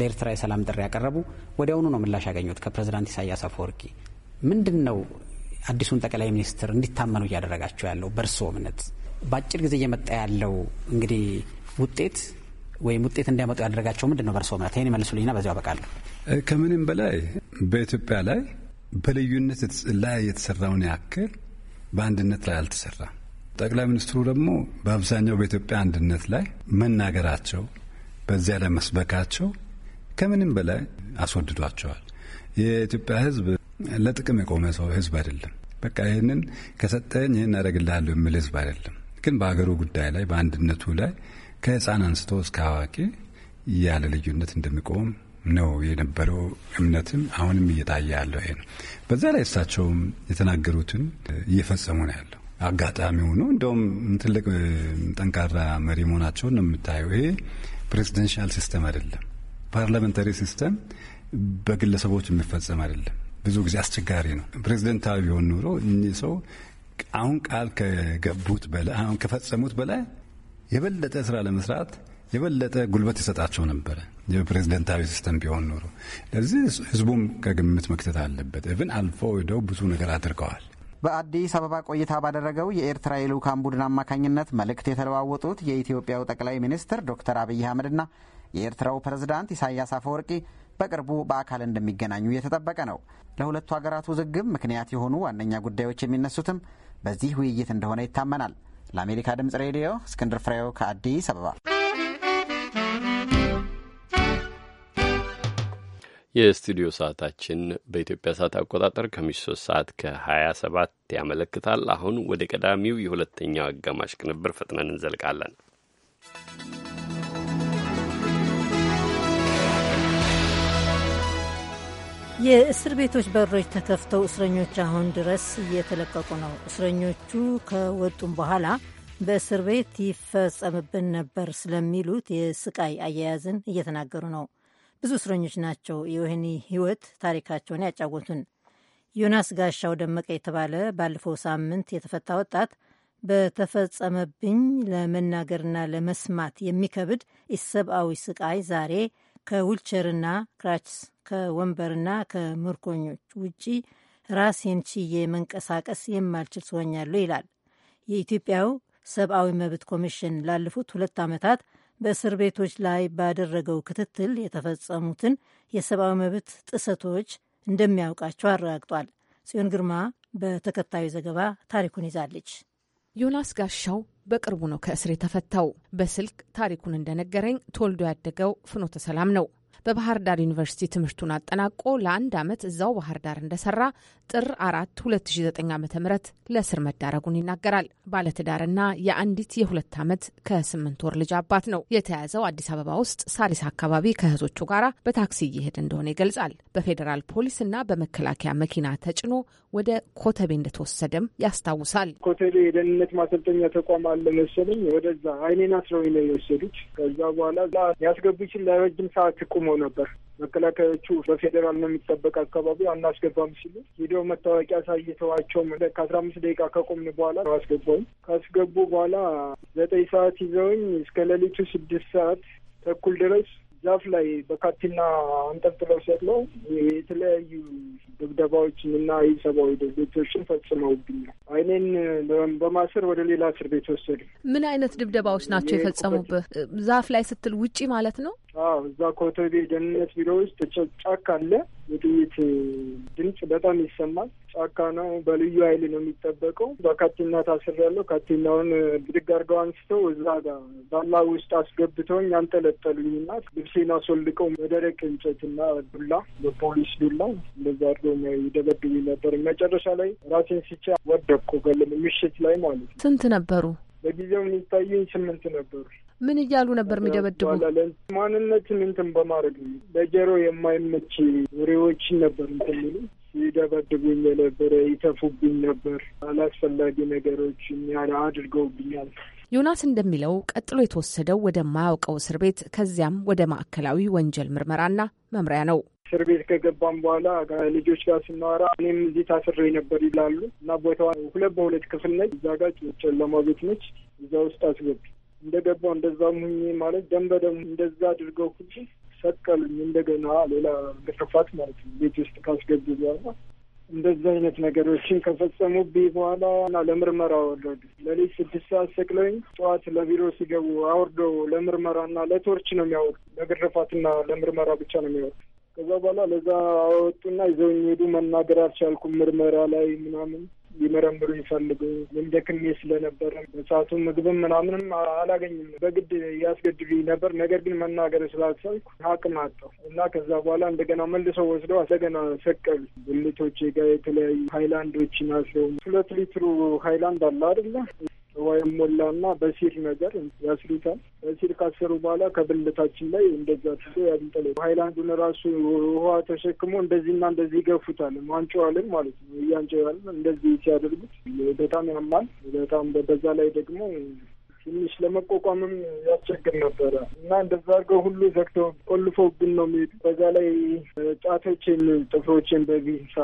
ለኤርትራ የሰላም ጥሪ ያቀረቡ ወዲያውኑ ነው ምላሽ ያገኙት ከፕሬዚዳንት ኢሳያስ አፈወርቂ። ምንድን ነው አዲሱን ጠቅላይ ሚኒስትር እንዲታመኑ እያደረጋቸው ያለው በእርስዎ እምነት በአጭር ጊዜ እየመጣ ያለው እንግዲህ ውጤት ወይም ውጤት እንዲያመጡ ያደረጋቸው ምንድን ነው በእርስዎ እምነት? ይህን ይመልሱልኝና በዚያው አበቃለሁ። ከምንም በላይ በኢትዮጵያ ላይ በልዩነት ላይ የተሰራውን ያክል በአንድነት ላይ አልተሰራም። ጠቅላይ ሚኒስትሩ ደግሞ በአብዛኛው በኢትዮጵያ አንድነት ላይ መናገራቸው፣ በዚያ ላይ መስበካቸው ከምንም በላይ አስወድዷቸዋል። የኢትዮጵያ ሕዝብ ለጥቅም የቆመ ሰው ሕዝብ አይደለም። በቃ ይህንን ከሰጠኝ ይህን አደርግልሃለሁ የሚል ሕዝብ አይደለም። ግን በሀገሩ ጉዳይ ላይ በአንድነቱ ላይ ከህፃን አንስቶ እስከ አዋቂ ያለ ልዩነት እንደሚቆም ነው የነበረው እምነትም አሁንም እየታየ ያለው ይሄ ነው። በዛ ላይ እሳቸውም የተናገሩትን እየፈጸሙ ነው ያለው። አጋጣሚ ሆኖ እንደውም ትልቅ ጠንካራ መሪ መሆናቸውን ነው የምታየው። ይሄ ፕሬዚደንሻል ሲስተም አይደለም፣ ፓርላመንታሪ ሲስተም በግለሰቦች የሚፈጸም አይደለም። ብዙ ጊዜ አስቸጋሪ ነው። ፕሬዚደንታዊ ቢሆን ኑሮ እኚህ ሰው አሁን ቃል ከገቡት በላይ አሁን ከፈጸሙት በላይ የበለጠ ስራ ለመስራት የበለጠ ጉልበት ይሰጣቸው ነበረ የፕሬዝደንታዊ ሲስተም ቢሆን ኖሮ። ለዚህ ህዝቡም ከግምት መክተት አለበት። እብን አልፎ ሄደው ብዙ ነገር አድርገዋል። በአዲስ አበባ ቆይታ ባደረገው የኤርትራ የልዑካን ቡድን አማካኝነት መልእክት የተለዋወጡት የኢትዮጵያው ጠቅላይ ሚኒስትር ዶክተር አብይ አህመድና የኤርትራው ፕሬዝዳንት ኢሳያስ አፈወርቂ በቅርቡ በአካል እንደሚገናኙ እየተጠበቀ ነው። ለሁለቱ ሀገራት ውዝግብ ምክንያት የሆኑ ዋነኛ ጉዳዮች የሚነሱትም በዚህ ውይይት እንደሆነ ይታመናል። ለአሜሪካ ድምፅ ሬዲዮ እስክንድር ፍሬው ከአዲስ አበባ። የስቱዲዮ ሰዓታችን በኢትዮጵያ ሰዓት አቆጣጠር ከምሽቱ ሶስት ሰዓት ከ27 ያመለክታል። አሁን ወደ ቀዳሚው የሁለተኛው አጋማሽ ቅንብር ፈጥነን እንዘልቃለን። የእስር ቤቶች በሮች ተከፍተው እስረኞች አሁን ድረስ እየተለቀቁ ነው። እስረኞቹ ከወጡም በኋላ በእስር ቤት ይፈጸምብን ነበር ስለሚሉት የስቃይ አያያዝን እየተናገሩ ነው። ብዙ እስረኞች ናቸው የወህኒ ህይወት ታሪካቸውን ያጫወቱን። ዮናስ ጋሻው ደመቀ የተባለ ባለፈው ሳምንት የተፈታ ወጣት በተፈጸመብኝ ለመናገርና ለመስማት የሚከብድ ኢሰብአዊ ስቃይ ዛሬ ከዊልቸርና ክራችስ ከወንበርና ከምርኮኞች ውጪ ራሴን ችዬ መንቀሳቀስ የማልችል ስሆኛለሁ ይላል። የኢትዮጵያው ሰብአዊ መብት ኮሚሽን ላለፉት ሁለት ዓመታት በእስር ቤቶች ላይ ባደረገው ክትትል የተፈጸሙትን የሰብአዊ መብት ጥሰቶች እንደሚያውቃቸው አረጋግጧል። ጽዮን ግርማ በተከታዩ ዘገባ ታሪኩን ይዛለች። ዮናስ ጋሻው በቅርቡ ነው ከእስር የተፈታው። በስልክ ታሪኩን እንደነገረኝ ተወልዶ ያደገው ፍኖተ ሰላም ነው። በባህር ዳር ዩኒቨርሲቲ ትምህርቱን አጠናቆ ለአንድ ዓመት እዛው ባህር ዳር እንደሰራ ጥር አራት 2009 ዓ ም ለእስር መዳረጉን ይናገራል። ባለትዳርና የአንዲት የሁለት ዓመት ከስምንት ወር ልጅ አባት ነው። የተያዘው አዲስ አበባ ውስጥ ሳሪስ አካባቢ ከእህቶቹ ጋር በታክሲ እየሄደ እንደሆነ ይገልጻል። በፌዴራል ፖሊስና በመከላከያ መኪና ተጭኖ ወደ ኮተቤ እንደተወሰደም ያስታውሳል። ኮተቤ የደህንነት ማሰልጠኛ ተቋም አለ መሰለኝ፣ ወደዛ አይኔን አስረው ነው የወሰዱት። ከዛ በኋላ ያስገቡችን ለረጅም ሰዓት ቁሞ ነበር። መከላከያዎቹ በፌዴራል ነው የሚጠበቅ አካባቢ አናስገባም ሲሉ ሄደው መታወቂያ አሳይተዋቸው ከአስራ አምስት ደቂቃ ከቆምን በኋላ ነው አስገባውም። ካስገቡ በኋላ ዘጠኝ ሰዓት ይዘውኝ እስከ ሌሊቱ ስድስት ሰዓት ተኩል ድረስ ዛፍ ላይ በካቴና አንጠልጥለው ሰቅለው የተለያዩ ድብደባዎችን እና የሰብአዊ ድርጊቶችን ፈጽመውብኛል። አይኔን በማሰር ወደ ሌላ እስር ቤት ወሰዱ። ምን አይነት ድብደባዎች ናቸው የፈጸሙብህ? ዛፍ ላይ ስትል ውጪ ማለት ነው? እዛ ኮተቤ ደህንነት ቢሮ ውስጥ ጫካ አለ። የጥይት ድምጽ በጣም ይሰማል። ጫካ ነው። በልዩ ኃይል ነው የሚጠበቀው። ታስር ያለው ካቴናውን ብድግ አድርገው አንስተው እዛ ጋር ባላ ውስጥ አስገብተውኝ አንጠለጠሉኝ እና ልብሴን አስወልቀው በደረቅ እንጨትና ዱላ፣ በፖሊስ ዱላ እንደዛ አድርገው ይደበድቡ ነበር። መጨረሻ ላይ ራሴን ስቻ ወደቅኩ። ምሽት ላይ ማለት ነው። ስንት ነበሩ? በጊዜው የሚታየኝ ስምንት ነበሩ። ምን እያሉ ነበር የሚደበድቡ? ማንነትን እንትን በማድረግ ለጀሮ የማይመች ወሬዎችን ነበር እንትን የሚሉ ይደበድቡኝ የነበረ ይተፉብኝ ነበር። አላስፈላጊ ነገሮች አድርገውብኛል። ዮናስ እንደሚለው ቀጥሎ የተወሰደው ወደማያውቀው እስር ቤት ከዚያም ወደ ማዕከላዊ ወንጀል ምርመራና መምሪያ ነው። እስር ቤት ከገባም በኋላ ልጆች ጋር ስናወራ እኔም እዚህ ታስሬ ነበር ይላሉ እና ቦታዋ ሁለት በሁለት ክፍል ነች። እዛ ጋር ጨለማ ቤት ነች። እዛ ውስጥ አስገቡ እንደገባው እንደዛ ሙኝ ማለት ደም በደም እንደዛ አድርገው ሁ ሰቀሉኝ። እንደገና ሌላ ግርፋት ማለት ነው ቤት ውስጥ ካስገቡ በኋላ እንደዚህ አይነት ነገሮችን ከፈጸሙብኝ በኋላ እና ለምርመራ ወረዱ። ለሌት ስድስት ሰዓት ሰቅለኝ ጠዋት ለቢሮ ሲገቡ ለምርመራ ለምርመራና ለቶርች ነው የሚያወጡ። ለግርፋትና ለምርመራ ብቻ ነው የሚያወጡ። ከዛ በኋላ ለዛ አወጡና ይዘውኝ ሄዱ። መናገር አልቻልኩም ምርመራ ላይ ምናምን ሊመረምሩ ይፈልጉ። ምን ደክሜ ስለነበረ በሰዓቱ ምግብም ምናምንም አላገኝም። በግድ ያስገድዱ ነበር። ነገር ግን መናገር ስላልቻልኩ አቅም አጣሁ እና ከዛ በኋላ እንደገና መልሰው ወስደው እንደገና ሰቀሉ። ብልቶቼ ጋር የተለያዩ ሀይላንዶችን አስረው ሁለት ሊትሩ ሀይላንድ አለ አደለ? ወይም ሞላና በሲል ነገር ያስሉታል። በሲል ካሰሩ በኋላ ከብልታችን ላይ እንደዛ ትቶ ያንጠለ ሀይላንዱን ራሱ ውሃ ተሸክሞ እንደዚህና እንደዚህ ይገፉታል። ማንጨዋልን ማለት ነው። እያንጨዋልን እንደዚህ ሲያደርጉት በጣም ያማል። በጣም በዛ ላይ ደግሞ ትንሽ ለመቋቋምም ያስቸግር ነበረ እና እንደዛ አድርገው ሁሉ ዘግተው ቆልፈውብን ነው የሚሄዱ። በዛ ላይ ጫቶችን ጥፍሮችን በቪንሳ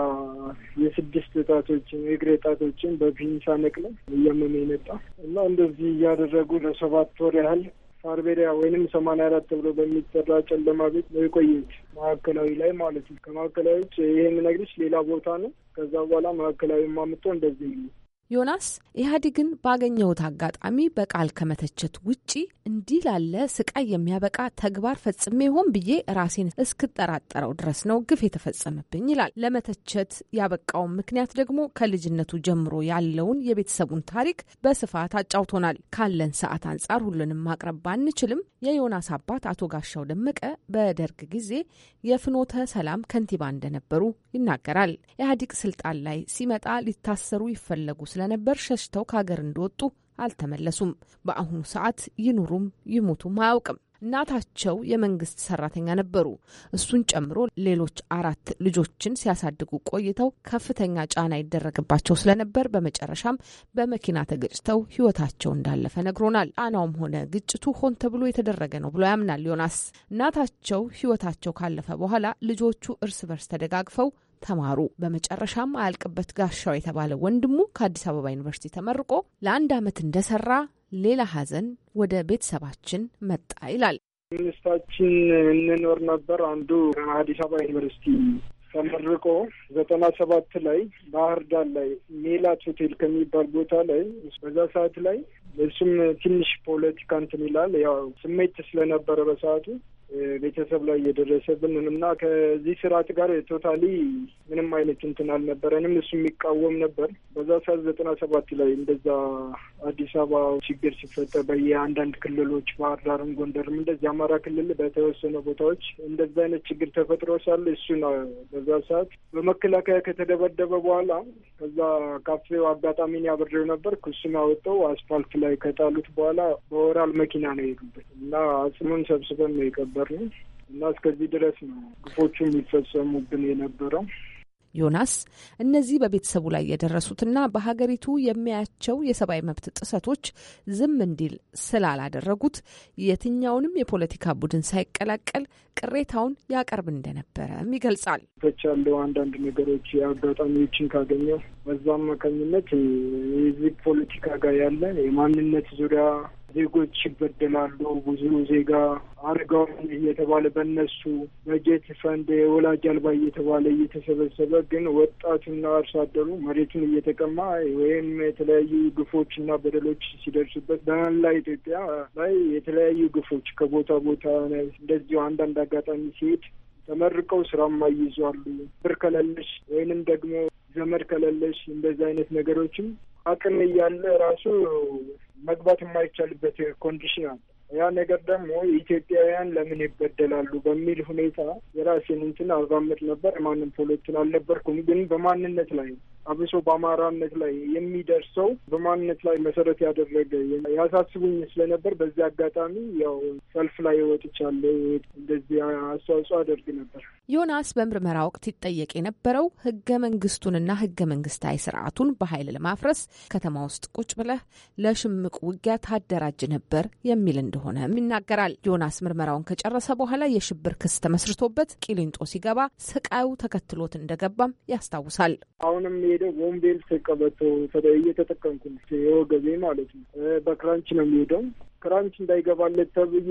የስድስት ጣቶችን የእግሬ ጣቶችን በቪንሳ ነቅለው እያመመ የመጣ እና እንደዚህ እያደረጉ ለሰባት ወር ያህል ፋርቤሪያ ወይንም ሰማንያ አራት ተብሎ በሚጠራ ጨለማ ቤት ነው የቆየች ማዕከላዊ ላይ ማለት ነው። ከማዕከላዊ ውጭ ይሄ የምነግርሽ ሌላ ቦታ ነው። ከዛ በኋላ ማዕከላዊ ማምጦ እንደዚህ ነው ዮናስ ኢህአዴግን ባገኘሁት አጋጣሚ በቃል ከመተቸት ውጪ እንዲህ ላለ ስቃይ የሚያበቃ ተግባር ፈጽሜ ሆን ብዬ ራሴን እስክጠራጠረው ድረስ ነው ግፍ የተፈጸመብኝ ይላል። ለመተቸት ያበቃውን ምክንያት ደግሞ ከልጅነቱ ጀምሮ ያለውን የቤተሰቡን ታሪክ በስፋት አጫውቶናል። ካለን ሰዓት አንጻር ሁሉንም ማቅረብ ባንችልም የዮናስ አባት አቶ ጋሻው ደመቀ በደርግ ጊዜ የፍኖተ ሰላም ከንቲባ እንደነበሩ ይናገራል። ኢህአዴግ ስልጣን ላይ ሲመጣ ሊታሰሩ ይፈለጉ ስለነበር ሸሽተው ከሀገር እንደወጡ አልተመለሱም። በአሁኑ ሰዓት ይኑሩም ይሙቱም አያውቅም። እናታቸው የመንግስት ሰራተኛ ነበሩ። እሱን ጨምሮ ሌሎች አራት ልጆችን ሲያሳድጉ ቆይተው ከፍተኛ ጫና ይደረግባቸው ስለነበር በመጨረሻም በመኪና ተገጭተው ሕይወታቸው እንዳለፈ ነግሮናል። ጫናውም ሆነ ግጭቱ ሆን ተብሎ የተደረገ ነው ብሎ ያምናል ዮናስ። እናታቸው ሕይወታቸው ካለፈ በኋላ ልጆቹ እርስ በርስ ተደጋግፈው ተማሩ። በመጨረሻም አያልቅበት ጋሻው የተባለ ወንድሙ ከአዲስ አበባ ዩኒቨርሲቲ ተመርቆ ለአንድ ዓመት እንደሰራ ሌላ ሀዘን ወደ ቤተሰባችን መጣ ይላል። ሚኒስታችን እንኖር ነበር። አንዱ አዲስ አበባ ዩኒቨርሲቲ ተመርቆ ዘጠና ሰባት ላይ ባህር ዳር ላይ ሜላት ሆቴል ከሚባል ቦታ ላይ በዛ ሰዓት ላይ እሱም ትንሽ ፖለቲካ እንትን ይላል። ያው ስሜት ስለነበረ በሰዓቱ ቤተሰብ ላይ እየደረሰብን እና ከዚህ ስርዓት ጋር ቶታሊ ምንም አይነት እንትን አልነበረንም። እሱ የሚቃወም ነበር። በዛ ሰዓት ዘጠና ሰባት ላይ እንደዛ አዲስ አበባ ችግር ሲፈጠር በየአንዳንድ ክልሎች ባህር ዳርም፣ ጎንደርም እንደዚህ አማራ ክልል በተወሰነ ቦታዎች እንደዛ አይነት ችግር ተፈጥሮ ሳለ እሱን በዛ ሰዓት በመከላከያ ከተደበደበ በኋላ ከዛ ካፌው አጋጣሚን ያበሬው ነበር። እሱን አወጣው አስፋልት ላይ ከጣሉት በኋላ በወራል መኪና ነው የሄዱበት እና አጽሙን ሰብስበን ነው የቀበ ነበርን እና እስከዚህ ድረስ ነው ግፎቹ የሚፈጸሙብን የነበረው። ዮናስ እነዚህ በቤተሰቡ ላይ የደረሱትና በሀገሪቱ የሚያያቸው የሰብአዊ መብት ጥሰቶች ዝም እንዲል ስላላደረጉት የትኛውንም የፖለቲካ ቡድን ሳይቀላቀል ቅሬታውን ያቀርብ እንደነበረም ይገልጻል። ተቻለው አንዳንድ ነገሮች የአጋጣሚዎችን ካገኘው በዛ አማካኝነት የዚህ ፖለቲካ ጋር ያለ የማንነት ዙሪያ ዜጎች ይበደላሉ። ብዙ ዜጋ አረጋውያን እየተባለ በእነሱ በጀት ፈንድ የወላጅ አልባ እየተባለ እየተሰበሰበ ግን ወጣቱና አርሶ አደሩ መሬቱን እየተቀማ ወይም የተለያዩ ግፎችና በደሎች ሲደርሱበት በመላ ኢትዮጵያ ላይ የተለያዩ ግፎች ከቦታ ቦታ እንደዚሁ አንዳንድ አጋጣሚ ሲሄድ ተመርቀው ስራም አይዟሉ ብር ከለልሽ ወይንም ደግሞ ዘመድ ከሌለሽ እንደዚህ አይነት ነገሮችም አቅም እያለ ራሱ መግባት የማይቻልበት ኮንዲሽን አለ። ያ ነገር ደግሞ ኢትዮጵያውያን ለምን ይበደላሉ በሚል ሁኔታ የራሴን እንትን ነበር። የማንም ፖለቲካል አልነበርኩም፣ ግን በማንነት ላይ አብሶ በአማራነት ላይ የሚደርሰው በማንነት ላይ መሰረት ያደረገ ያሳስቡኝ ስለነበር በዚህ አጋጣሚ ያው ሰልፍ ላይ ወጥቻለሁ። እንደዚህ አስተዋጽኦ አደርግ ነበር። ዮናስ በምርመራ ወቅት ይጠየቅ የነበረው ህገ መንግስቱንና ህገ መንግስታዊ ስርዓቱን በኃይል ለማፍረስ ከተማ ውስጥ ቁጭ ብለህ ለሽምቅ ውጊያ ታደራጅ ነበር የሚል እንደሆነም ይናገራል። ዮናስ ምርመራውን ከጨረሰ በኋላ የሽብር ክስ ተመስርቶበት ቂሊንጦ ሲገባ ስቃዩ ተከትሎት እንደገባም ያስታውሳል። አሁንም የምሄደው ወንቤል ቀበቶ እየተጠቀምኩ የወገቤ ማለት ነው። በክራንች ነው የሚሄደው። ክራንች እንዳይገባለት ተብዬ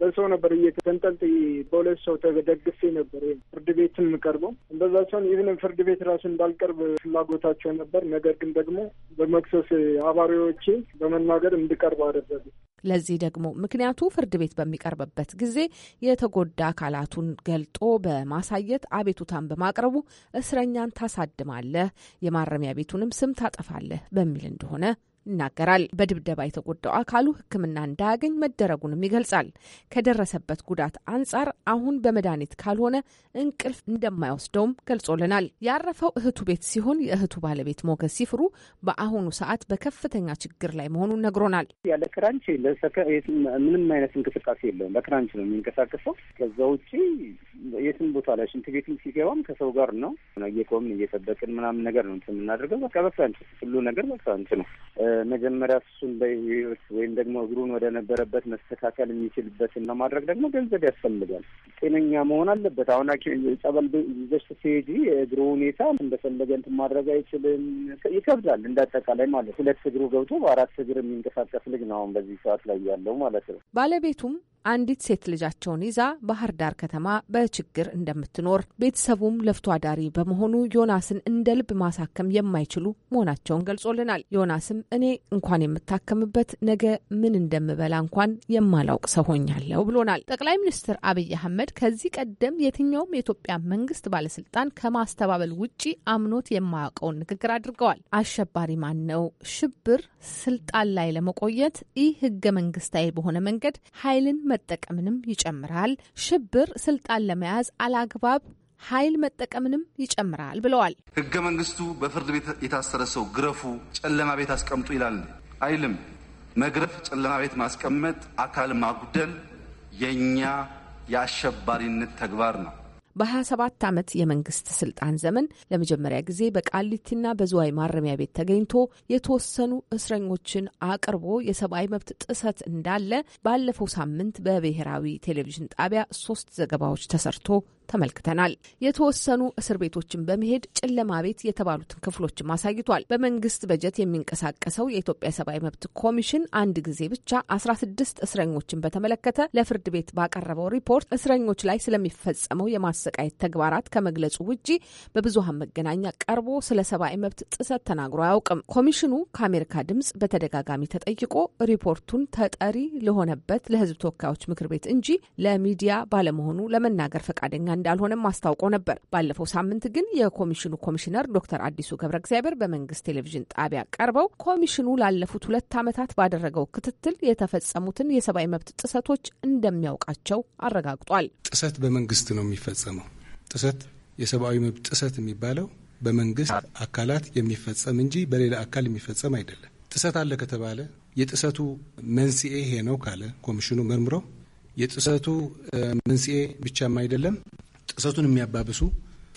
በሰው ነበር እየተንጠልጥ በሁለት ሰው ተደግፌ ነበር ፍርድ ቤት የምቀርበው። እንደዛ ሲሆን ይህንን ፍርድ ቤት ራሱ እንዳልቀርብ ፍላጎታቸው ነበር። ነገር ግን ደግሞ በመክሰስ አባሪዎቼ በመናገር እንድቀርብ አደረጉ። ለዚህ ደግሞ ምክንያቱ ፍርድ ቤት በሚቀርብበት ጊዜ የተጎዳ አካላቱን ገልጦ በማሳየት አቤቱታን በማቅረቡ እስረኛን ታሳድማለህ፣ የማረሚያ ቤቱንም ስም ታጠፋለህ በሚል እንደሆነ ይናገራል። በድብደባ የተጎዳው አካሉ ሕክምና እንዳያገኝ መደረጉንም ይገልጻል። ከደረሰበት ጉዳት አንጻር አሁን በመድኃኒት ካልሆነ እንቅልፍ እንደማይወስደውም ገልጾልናል። ያረፈው እህቱ ቤት ሲሆን የእህቱ ባለቤት ሞገስ ሲፍሩ በአሁኑ ሰዓት በከፍተኛ ችግር ላይ መሆኑን ነግሮናል። ያለ ክራንች ምንም አይነት እንቅስቃሴ የለውም። በክራንች ነው የሚንቀሳቀሰው። ከዛ ውጭ የትም ቦታ ላይ ሽንት ቤትም ሲገባም ከሰው ጋር ነው እየቆምን እየጠበቅን ምናምን ነገር ነው የምናደርገው። በቃ በክራንች ሁሉ ነገር በክራንች ነው። መጀመሪያ እሱን በህይወት ወይም ደግሞ እግሩን ወደ ነበረበት መስተካከል የሚችልበትን ለማድረግ ደግሞ ገንዘብ ያስፈልጋል። ጤነኛ መሆን አለበት። አሁን ጸበል ይዘሽ ስትሄጂ የእግሩ ሁኔታ እንደፈለገ እንትን ማድረግ አይችልም፣ ይከብዳል። እንዳጠቃላይ ማለት ሁለት እግሩ ገብቶ በአራት እግር የሚንቀሳቀስ ልጅ ነው አሁን በዚህ ሰዓት ላይ ያለው ማለት ነው። ባለቤቱም አንዲት ሴት ልጃቸውን ይዛ ባህር ዳር ከተማ በችግር እንደምትኖር ቤተሰቡም ለፍቶ አዳሪ በመሆኑ ዮናስን እንደ ልብ ማሳከም የማይችሉ መሆናቸውን ገልጾልናል። ዮናስም እኔ እንኳን የምታከምበት ነገ ምን እንደምበላ እንኳን የማላውቅ ሰው ሆኛለሁ ብሎናል። ጠቅላይ ሚኒስትር አብይ አህመድ ከዚህ ቀደም የትኛውም የኢትዮጵያ መንግስት ባለስልጣን ከማስተባበል ውጪ አምኖት የማያውቀውን ንግግር አድርገዋል። አሸባሪ ማን ነው? ሽብር ስልጣን ላይ ለመቆየት ይህ ህገ መንግስታዊ በሆነ መንገድ ኃይልን መጠቀምንም ይጨምራል። ሽብር ስልጣን ለመያዝ አላግባብ ኃይል መጠቀምንም ይጨምራል ብለዋል። ህገ መንግስቱ በፍርድ ቤት የታሰረ ሰው ግረፉ፣ ጨለማ ቤት አስቀምጡ ይላል አይልም። መግረፍ፣ ጨለማ ቤት ማስቀመጥ፣ አካል ማጉደል የእኛ የአሸባሪነት ተግባር ነው። በ27 ዓመት የመንግስት ስልጣን ዘመን ለመጀመሪያ ጊዜ በቃሊቲና በዝዋይ ማረሚያ ቤት ተገኝቶ የተወሰኑ እስረኞችን አቅርቦ የሰብአዊ መብት ጥሰት እንዳለ ባለፈው ሳምንት በብሔራዊ ቴሌቪዥን ጣቢያ ሶስት ዘገባዎች ተሰርቶ ተመልክተናል። የተወሰኑ እስር ቤቶችን በመሄድ ጨለማ ቤት የተባሉትን ክፍሎችም አሳይቷል። በመንግስት በጀት የሚንቀሳቀሰው የኢትዮጵያ ሰብአዊ መብት ኮሚሽን አንድ ጊዜ ብቻ 16 እስረኞችን በተመለከተ ለፍርድ ቤት ባቀረበው ሪፖርት እስረኞች ላይ ስለሚፈጸመው የማሰቃየት ተግባራት ከመግለጹ ውጪ በብዙሀን መገናኛ ቀርቦ ስለ ሰብአዊ መብት ጥሰት ተናግሮ አያውቅም። ኮሚሽኑ ከአሜሪካ ድምጽ በተደጋጋሚ ተጠይቆ ሪፖርቱን ተጠሪ ለሆነበት ለህዝብ ተወካዮች ምክር ቤት እንጂ ለሚዲያ ባለመሆኑ ለመናገር ፈቃደኛ እንዳልሆነም አስታውቆ ነበር። ባለፈው ሳምንት ግን የኮሚሽኑ ኮሚሽነር ዶክተር አዲሱ ገብረ እግዚአብሔር በመንግስት ቴሌቪዥን ጣቢያ ቀርበው ኮሚሽኑ ላለፉት ሁለት ዓመታት ባደረገው ክትትል የተፈጸሙትን የሰብአዊ መብት ጥሰቶች እንደሚያውቃቸው አረጋግጧል። ጥሰት በመንግስት ነው የሚፈጸመው። ጥሰት የሰብአዊ መብት ጥሰት የሚባለው በመንግስት አካላት የሚፈጸም እንጂ በሌላ አካል የሚፈጸም አይደለም። ጥሰት አለ ከተባለ የጥሰቱ መንስኤ ይሄ ነው ካለ ኮሚሽኑ መርምሮ የጥሰቱ መንስኤ ብቻም አይደለም ጥሰቱን የሚያባብሱ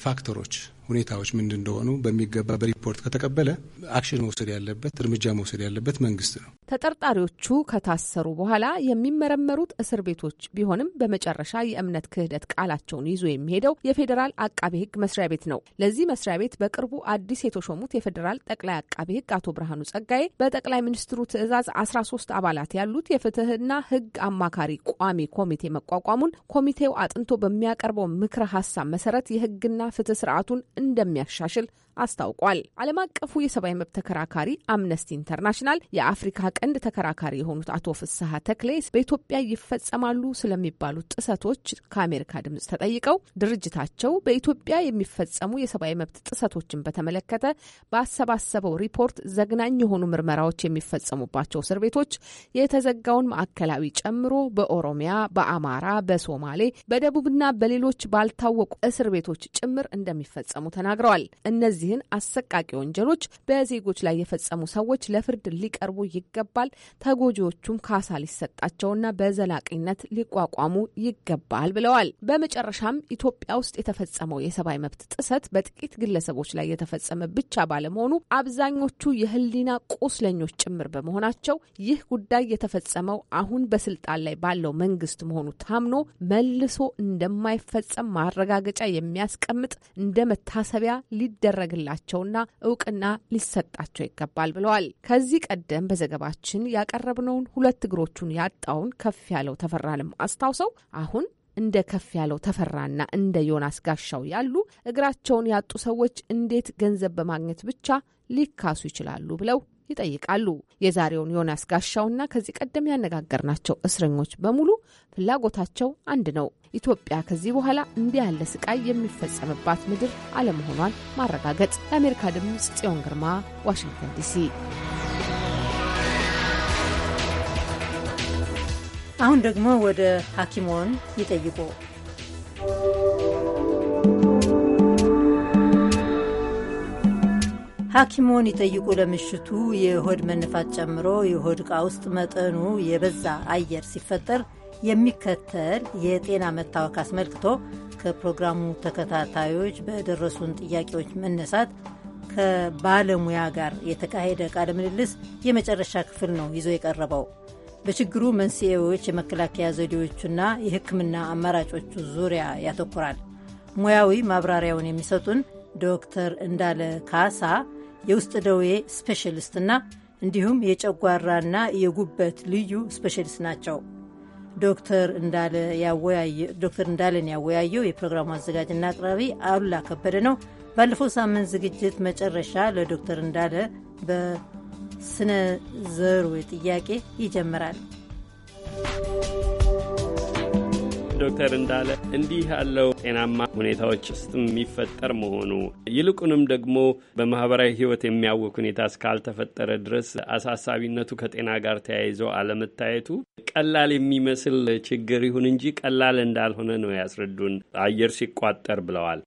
ፋክተሮች ሁኔታዎች ምንድን እንደሆኑ በሚገባ በሪፖርት ከተቀበለ አክሽን መውሰድ ያለበት እርምጃ መውሰድ ያለበት መንግስት ነው። ተጠርጣሪዎቹ ከታሰሩ በኋላ የሚመረመሩት እስር ቤቶች ቢሆንም በመጨረሻ የእምነት ክህደት ቃላቸውን ይዞ የሚሄደው የፌዴራል አቃቤ ሕግ መስሪያ ቤት ነው። ለዚህ መስሪያ ቤት በቅርቡ አዲስ የተሾሙት የፌዴራል ጠቅላይ አቃቤ ሕግ አቶ ብርሃኑ ጸጋዬ በጠቅላይ ሚኒስትሩ ትዕዛዝ አስራ ሶስት አባላት ያሉት የፍትህና ህግ አማካሪ ቋሚ ኮሚቴ መቋቋሙን ኮሚቴው አጥንቶ በሚያቀርበው ምክረ ሀሳብ መሰረት የህግና ፍትህ ስርዓቱን እንደሚያሻሽል አስታውቋል። ዓለም አቀፉ የሰብአዊ መብት ተከራካሪ አምነስቲ ኢንተርናሽናል የአፍሪካ ቀንድ ተከራካሪ የሆኑት አቶ ፍስሀ ተክሌ በኢትዮጵያ ይፈጸማሉ ስለሚባሉት ጥሰቶች ከአሜሪካ ድምጽ ተጠይቀው ድርጅታቸው በኢትዮጵያ የሚፈጸሙ የሰብአዊ መብት ጥሰቶችን በተመለከተ ባሰባሰበው ሪፖርት ዘግናኝ የሆኑ ምርመራዎች የሚፈጸሙባቸው እስር ቤቶች የተዘጋውን ማዕከላዊ ጨምሮ በኦሮሚያ፣ በአማራ፣ በሶማሌ፣ በደቡብና በሌሎች ባልታወቁ እስር ቤቶች ጭምር እንደሚፈጸሙ ተናግረዋል። እነዚህ እነዚህን አሰቃቂ ወንጀሎች በዜጎች ላይ የፈጸሙ ሰዎች ለፍርድ ሊቀርቡ ይገባል፣ ተጎጂዎቹም ካሳ ሊሰጣቸውና በዘላቂነት ሊቋቋሙ ይገባል ብለዋል። በመጨረሻም ኢትዮጵያ ውስጥ የተፈጸመው የሰብአዊ መብት ጥሰት በጥቂት ግለሰቦች ላይ የተፈጸመ ብቻ ባለመሆኑ አብዛኞቹ የህሊና ቁስለኞች ጭምር በመሆናቸው ይህ ጉዳይ የተፈጸመው አሁን በስልጣን ላይ ባለው መንግስት መሆኑ ታምኖ መልሶ እንደማይፈጸም ማረጋገጫ የሚያስቀምጥ እንደ መታሰቢያ ሊደረግ ሊደረግላቸውና እውቅና ሊሰጣቸው ይገባል ብለዋል። ከዚህ ቀደም በዘገባችን ያቀረብነውን ሁለት እግሮቹን ያጣውን ከፍ ያለው ተፈራንም አስታውሰው አሁን እንደ ከፍ ያለው ተፈራና እንደ ዮናስ ጋሻው ያሉ እግራቸውን ያጡ ሰዎች እንዴት ገንዘብ በማግኘት ብቻ ሊካሱ ይችላሉ ብለው ይጠይቃሉ። የዛሬውን ዮናስ ጋሻውና ከዚህ ቀደም ያነጋገርናቸው እስረኞች በሙሉ ፍላጎታቸው አንድ ነው። ኢትዮጵያ ከዚህ በኋላ እንዲህ ያለ ስቃይ የሚፈጸምባት ምድር አለመሆኗን ማረጋገጥ። የአሜሪካ ድምፅ ጽዮን ግርማ፣ ዋሽንግተን ዲሲ። አሁን ደግሞ ወደ ሐኪሞን ይጠይቁ ሐኪሙን ይጠይቁ ለምሽቱ የሆድ መነፋት ጨምሮ የሆድ ዕቃ ውስጥ መጠኑ የበዛ አየር ሲፈጠር የሚከተል የጤና መታወክ አስመልክቶ ከፕሮግራሙ ተከታታዮች በደረሱን ጥያቄዎች መነሳት ከባለሙያ ጋር የተካሄደ ቃለ ምልልስ የመጨረሻ ክፍል ነው ይዞ የቀረበው። በችግሩ መንስኤዎች፣ የመከላከያ ዘዴዎቹና የሕክምና አማራጮቹ ዙሪያ ያተኩራል። ሙያዊ ማብራሪያውን የሚሰጡን ዶክተር እንዳለ ካሳ የውስጥ ደዌ ስፔሻሊስትና እንዲሁም የጨጓራና የጉበት ልዩ ስፔሻሊስት ናቸው። ዶክተር እንዳለን ያወያየው የፕሮግራሙ አዘጋጅና አቅራቢ አሉላ ከበደ ነው። ባለፈው ሳምንት ዝግጅት መጨረሻ ለዶክተር እንዳለ በስነ ዘሩ ጥያቄ ይጀምራል። ዶክተር እንዳለ እንዲህ ያለው ጤናማ ሁኔታዎች ውስጥ የሚፈጠር መሆኑ ይልቁንም ደግሞ በማህበራዊ ህይወት የሚያውቅ ሁኔታ እስካልተፈጠረ ድረስ አሳሳቢነቱ ከጤና ጋር ተያይዞ አለመታየቱ ቀላል የሚመስል ችግር ይሁን እንጂ ቀላል እንዳልሆነ ነው ያስረዱን። አየር ሲቋጠር ብለዋል።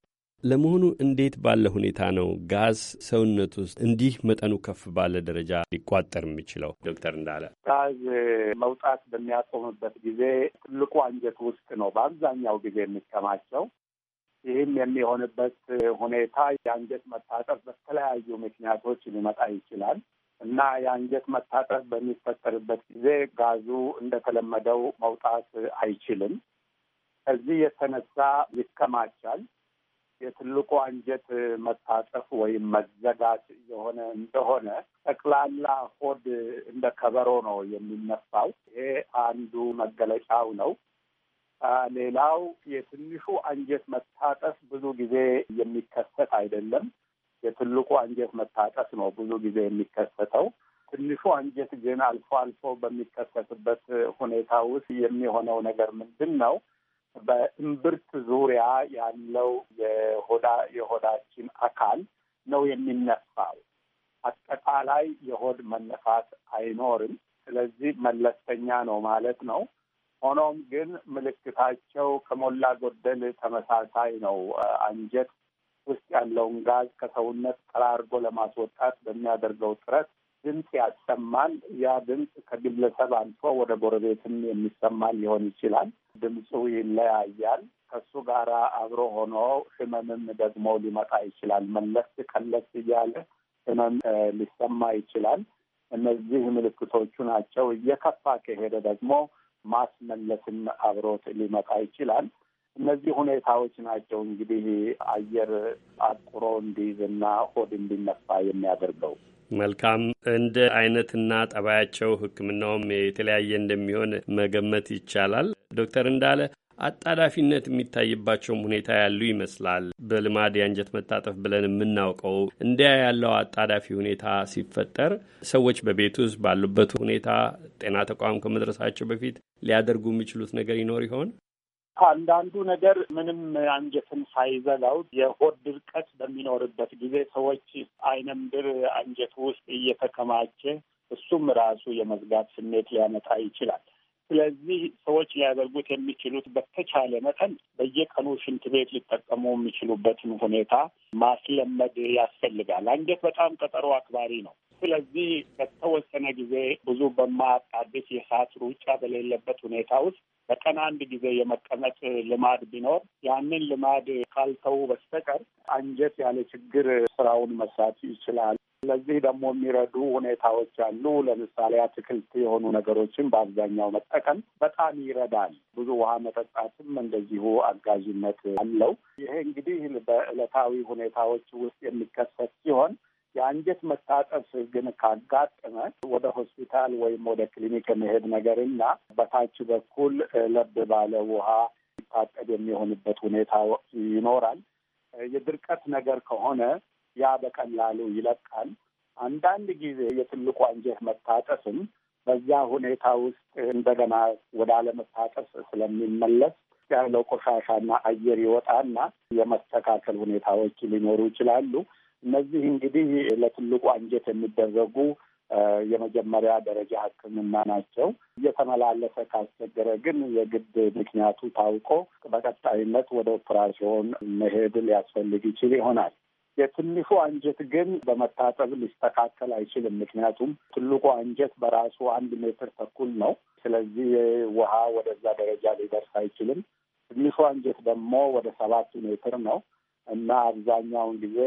ለመሆኑ እንዴት ባለ ሁኔታ ነው ጋዝ ሰውነት ውስጥ እንዲህ መጠኑ ከፍ ባለ ደረጃ ሊቋጠር የሚችለው? ዶክተር እንዳለ ጋዝ መውጣት በሚያቆምበት ጊዜ ትልቁ አንጀት ውስጥ ነው በአብዛኛው ጊዜ የሚከማቸው። ይህም የሚሆንበት ሁኔታ የአንጀት መታጠፍ በተለያዩ ምክንያቶች ሊመጣ ይችላል እና የአንጀት መታጠፍ በሚፈጠርበት ጊዜ ጋዙ እንደተለመደው መውጣት አይችልም። ከዚህ የተነሳ ይከማቻል። የትልቁ አንጀት መታጠፍ ወይም መዘጋት የሆነ እንደሆነ ጠቅላላ ሆድ እንደ ከበሮ ነው የሚነፋው። ይሄ አንዱ መገለጫው ነው። ሌላው የትንሹ አንጀት መታጠፍ ብዙ ጊዜ የሚከሰት አይደለም። የትልቁ አንጀት መታጠፍ ነው ብዙ ጊዜ የሚከሰተው። ትንሹ አንጀት ግን አልፎ አልፎ በሚከሰትበት ሁኔታ ውስጥ የሚሆነው ነገር ምንድን ነው? በእምብርት ዙሪያ ያለው የሆዳ የሆዳችን አካል ነው የሚነፋው። አጠቃላይ የሆድ መነፋት አይኖርም። ስለዚህ መለስተኛ ነው ማለት ነው። ሆኖም ግን ምልክታቸው ከሞላ ጎደል ተመሳሳይ ነው። አንጀት ውስጥ ያለውን ጋዝ ከሰውነት ጠራርጎ ለማስወጣት በሚያደርገው ጥረት ድምፅ ያሰማል። ያ ድምፅ ከግለሰብ አልፎ ወደ ጎረቤትም የሚሰማ ሊሆን ይችላል። ድምፁ ይለያያል። ከሱ ጋር አብሮ ሆኖ ህመምም ደግሞ ሊመጣ ይችላል። መለስ ቀለስ እያለ ህመም ሊሰማ ይችላል። እነዚህ ምልክቶቹ ናቸው። እየከፋ ከሄደ ደግሞ ማስመለስም አብሮት ሊመጣ ይችላል። እነዚህ ሁኔታዎች ናቸው እንግዲህ አየር አቁሮ እንዲይዝና ሆድ እንዲነፋ የሚያደርገው። መልካም እንደ አይነትና ጠባያቸው ህክምናውም የተለያየ እንደሚሆን መገመት ይቻላል። ዶክተር እንዳለ አጣዳፊነት የሚታይባቸውም ሁኔታ ያሉ ይመስላል። በልማድ የአንጀት መታጠፍ ብለን የምናውቀው እንዲያ ያለው አጣዳፊ ሁኔታ ሲፈጠር ሰዎች በቤት ውስጥ ባሉበት ሁኔታ ጤና ተቋም ከመድረሳቸው በፊት ሊያደርጉ የሚችሉት ነገር ይኖር ይሆን? አንዳንዱ ነገር ምንም አንጀትን ሳይዘጋው የሆድ ድርቀት በሚኖርበት ጊዜ ሰዎች አይነምድር አንጀት ውስጥ እየተከማቸ እሱም ራሱ የመዝጋት ስሜት ሊያመጣ ይችላል። ስለዚህ ሰዎች ሊያደርጉት የሚችሉት በተቻለ መጠን በየቀኑ ሽንት ቤት ሊጠቀሙ የሚችሉበትን ሁኔታ ማስለመድ ያስፈልጋል። አንጀት በጣም ቀጠሮ አክባሪ ነው። ስለዚህ በተወሰነ ጊዜ ብዙ በማያጣድፍ የሰዓት ሩጫ በሌለበት ሁኔታ ውስጥ በቀን አንድ ጊዜ የመቀመጥ ልማድ ቢኖር ያንን ልማድ ካልተው በስተቀር አንጀት ያለ ችግር ስራውን መስራት ይችላል። ለዚህ ደግሞ የሚረዱ ሁኔታዎች አሉ። ለምሳሌ አትክልት የሆኑ ነገሮችን በአብዛኛው መጠቀም በጣም ይረዳል። ብዙ ውሃ መጠጣትም እንደዚሁ አጋዥነት አለው። ይሄ እንግዲህ በዕለታዊ ሁኔታዎች ውስጥ የሚከሰት ሲሆን የአንጀት መታጠፍ ግን ካጋጠመ ወደ ሆስፒታል ወይም ወደ ክሊኒክ የመሄድ ነገርና በታች በኩል ለብ ባለ ውሃ ሲታጠብ የሚሆንበት ሁኔታ ይኖራል። የድርቀት ነገር ከሆነ ያ በቀላሉ ይለቃል። አንዳንድ ጊዜ የትልቁ አንጀት መታጠፍም በዛ ሁኔታ ውስጥ እንደገና ወደ አለመታጠፍ ስለሚመለስ ያለው ቆሻሻና አየር ይወጣና የመስተካከል ሁኔታዎች ሊኖሩ ይችላሉ። እነዚህ እንግዲህ ለትልቁ አንጀት የሚደረጉ የመጀመሪያ ደረጃ ሕክምና ናቸው። እየተመላለሰ ካስቸገረ ግን የግድ ምክንያቱ ታውቆ በቀጣይነት ወደ ኦፕራሲዮን መሄድ ሊያስፈልግ ይችል ይሆናል። የትንሹ አንጀት ግን በመታጠብ ሊስተካከል አይችልም። ምክንያቱም ትልቁ አንጀት በራሱ አንድ ሜትር ተኩል ነው። ስለዚህ ውሃ ወደዛ ደረጃ ሊደርስ አይችልም። ትንሹ አንጀት ደግሞ ወደ ሰባት ሜትር ነው እና አብዛኛውን ጊዜ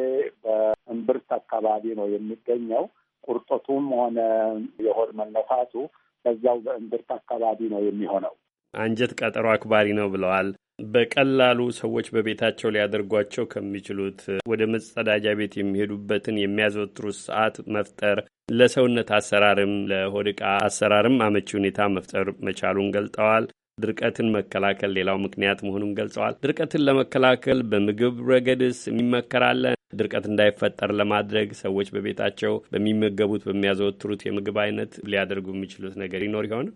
በእምብርት አካባቢ ነው የሚገኘው። ቁርጠቱም ሆነ የሆድ መነፋቱ በዛው በእምብርት አካባቢ ነው የሚሆነው። አንጀት ቀጠሮ አክባሪ ነው ብለዋል። በቀላሉ ሰዎች በቤታቸው ሊያደርጓቸው ከሚችሉት ወደ መጸዳጃ ቤት የሚሄዱበትን የሚያዘወትሩት ሰዓት መፍጠር ለሰውነት አሰራርም ለሆድ ዕቃ አሰራርም አመቺ ሁኔታ መፍጠር መቻሉን ገልጠዋል። ድርቀትን መከላከል ሌላው ምክንያት መሆኑን ገልጸዋል። ድርቀትን ለመከላከል በምግብ ረገድስ የሚመከራለን? ድርቀት እንዳይፈጠር ለማድረግ ሰዎች በቤታቸው በሚመገቡት በሚያዘወትሩት የምግብ አይነት ሊያደርጉ የሚችሉት ነገር ይኖር ይሆን?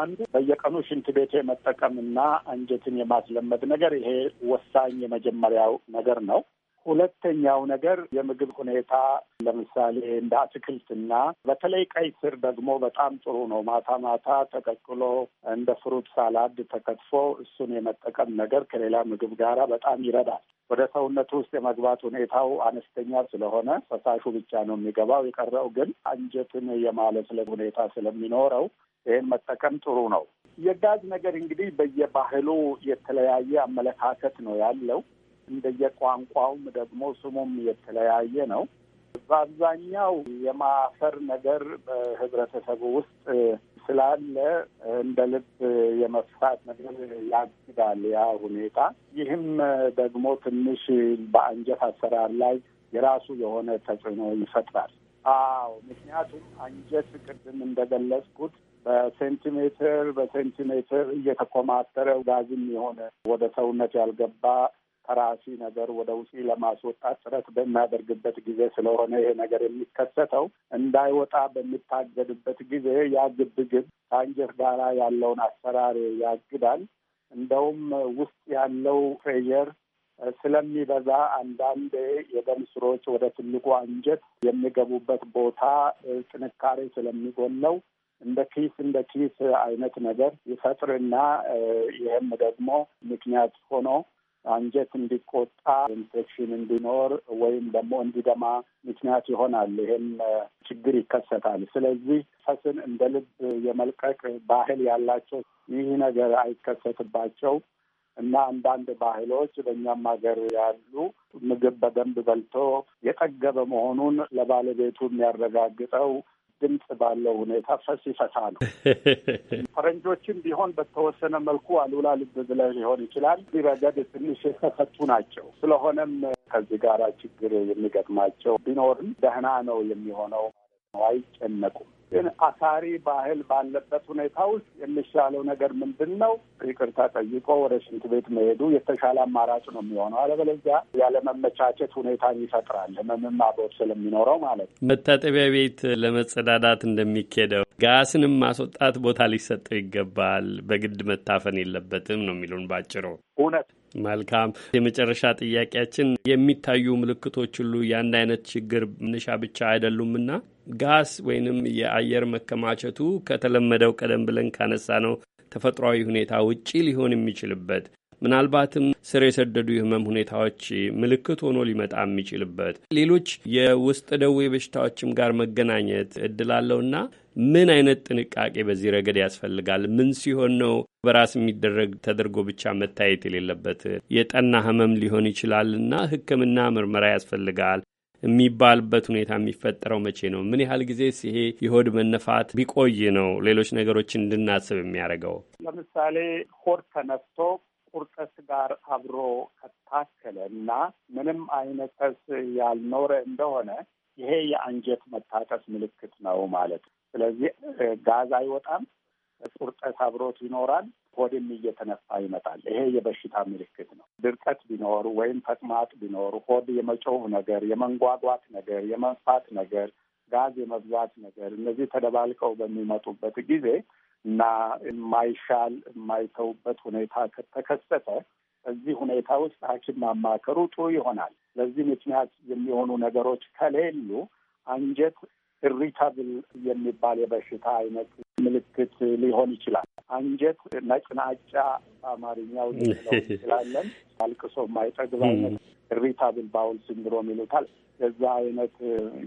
አንዱ በየቀኑ ሽንት ቤት የመጠቀምና አንጀትን የማስለመድ ነገር ይሄ ወሳኝ የመጀመሪያው ነገር ነው። ሁለተኛው ነገር የምግብ ሁኔታ ለምሳሌ እንደ አትክልትና በተለይ ቀይ ስር ደግሞ በጣም ጥሩ ነው። ማታ ማታ ተቀቅሎ እንደ ፍሩት ሳላድ ተከትፎ እሱን የመጠቀም ነገር ከሌላ ምግብ ጋራ በጣም ይረዳል። ወደ ሰውነቱ ውስጥ የመግባት ሁኔታው አነስተኛ ስለሆነ ፈሳሹ ብቻ ነው የሚገባው። የቀረው ግን አንጀትን የማለስለብ ሁኔታ ስለሚኖረው ይህን መጠቀም ጥሩ ነው። የጋዝ ነገር እንግዲህ በየባህሉ የተለያየ አመለካከት ነው ያለው። እንደየቋንቋውም ደግሞ ስሙም የተለያየ ነው። በአብዛኛው የማፈር ነገር በህብረተሰቡ ውስጥ ስላለ እንደ ልብ የመፍሳት ነገር ያግዳል ያ ሁኔታ። ይህም ደግሞ ትንሽ በአንጀት አሰራር ላይ የራሱ የሆነ ተጽዕኖ ይፈጥራል። አዎ፣ ምክንያቱም አንጀት ቅድም እንደገለጽኩት በሴንቲሜትር በሴንቲሜትር እየተኮማተረ ጋዝም የሆነ ወደ ሰውነት ያልገባ ተራፊ ነገር ወደ ውጪ ለማስወጣት ጥረት በሚያደርግበት ጊዜ ስለሆነ ይሄ ነገር የሚከሰተው እንዳይወጣ በሚታገድበት ጊዜ ያ ግብግብ ከአንጀት ጋራ ያለውን አሰራር ያግዳል። እንደውም ውስጥ ያለው ፕሬየር ስለሚበዛ አንዳንድ የደም ስሮች ወደ ትልቁ አንጀት የሚገቡበት ቦታ ጥንካሬ ስለሚጎለው እንደ ኪስ እንደ ኪስ አይነት ነገር ይፈጥርና ይህም ደግሞ ምክንያት ሆኖ አንጀት እንዲቆጣ ኢንፌክሽን እንዲኖር ወይም ደግሞ እንዲደማ ምክንያት ይሆናል። ይህም ችግር ይከሰታል። ስለዚህ ፈስን እንደ ልብ የመልቀቅ ባህል ያላቸው ይህ ነገር አይከሰትባቸው እና አንዳንድ ባህሎች በእኛም ሀገር ያሉ ምግብ በደንብ በልቶ የጠገበ መሆኑን ለባለቤቱ የሚያረጋግጠው ድምፅ ባለው ሁኔታ ፈስ ይፈሳ ነው። ፈረንጆችም ቢሆን በተወሰነ መልኩ አሉላ ልብ ብለህ ሊሆን ይችላል ረገድ ትንሽ የተፈቱ ናቸው። ስለሆነም ከዚህ ጋር ችግር የሚገጥማቸው ቢኖርም ደህና ነው የሚሆነው ማለት ነው። አይጨነቁም። ግን አሳሪ ባህል ባለበት ሁኔታ ውስጥ የሚሻለው ነገር ምንድን ነው? ይቅርታ ጠይቆ ወደ ሽንት ቤት መሄዱ የተሻለ አማራጭ ነው የሚሆነው። አለበለዚያ ያለመመቻቸት ሁኔታን ይፈጥራል። ህመምም ስለሚኖረው ማለት ነው። መታጠቢያ ቤት ለመጸዳዳት እንደሚኬደው ጋስንም ማስወጣት ቦታ ሊሰጠው ይገባል። በግድ መታፈን የለበትም ነው የሚሉን ባጭሩ እውነት መልካም የመጨረሻ ጥያቄያችን የሚታዩ ምልክቶች ሁሉ የአንድ አይነት ችግር መነሻ ብቻ አይደሉምና ጋስ ወይንም የአየር መከማቸቱ ከተለመደው ቀደም ብለን ካነሳ ነው ተፈጥሯዊ ሁኔታ ውጪ ሊሆን የሚችልበት ምናልባትም ስር የሰደዱ የህመም ሁኔታዎች ምልክት ሆኖ ሊመጣ የሚችልበት ሌሎች የውስጥ ደዌ በሽታዎችም ጋር መገናኘት እድል ምን አይነት ጥንቃቄ በዚህ ረገድ ያስፈልጋል? ምን ሲሆን ነው በራስ የሚደረግ ተደርጎ ብቻ መታየት የሌለበት የጠና ህመም ሊሆን ይችላል እና ሕክምና ምርመራ ያስፈልጋል የሚባልበት ሁኔታ የሚፈጠረው መቼ ነው? ምን ያህል ጊዜ ይሄ የሆድ መነፋት ቢቆይ ነው ሌሎች ነገሮችን እንድናስብ የሚያደርገው? ለምሳሌ ሆድ ተነፍቶ ቁርጠት ጋር አብሮ ከታከለ እና ምንም አይነት ተስ ያልኖረ እንደሆነ ይሄ የአንጀት መታጠፍ ምልክት ነው ማለት ነው። ስለዚህ ጋዝ አይወጣም፣ ቁርጠት አብሮት ይኖራል፣ ሆድም እየተነፋ ይመጣል። ይሄ የበሽታ ምልክት ነው። ድርቀት ቢኖር ወይም ተቅማጥ ቢኖር ሆድ የመጮህ ነገር፣ የመንጓጓት ነገር፣ የመንፋት ነገር፣ ጋዝ የመብዛት ነገር እነዚህ ተደባልቀው በሚመጡበት ጊዜ እና የማይሻል የማይተውበት ሁኔታ ከተከሰተ እዚህ ሁኔታ ውስጥ ሐኪም ማማከሩ ጥሩ ይሆናል። ለዚህ ምክንያት የሚሆኑ ነገሮች ከሌሉ አንጀት ኢሪታብል የሚባል የበሽታ አይነት ምልክት ሊሆን ይችላል። አንጀት ነጭናጫ አማርኛው ልንለው እንችላለን። አልቅሶ የማይጠግብ አይነት ኢሪታብል ባውል ሲንድሮም ይሉታል። እዛ አይነት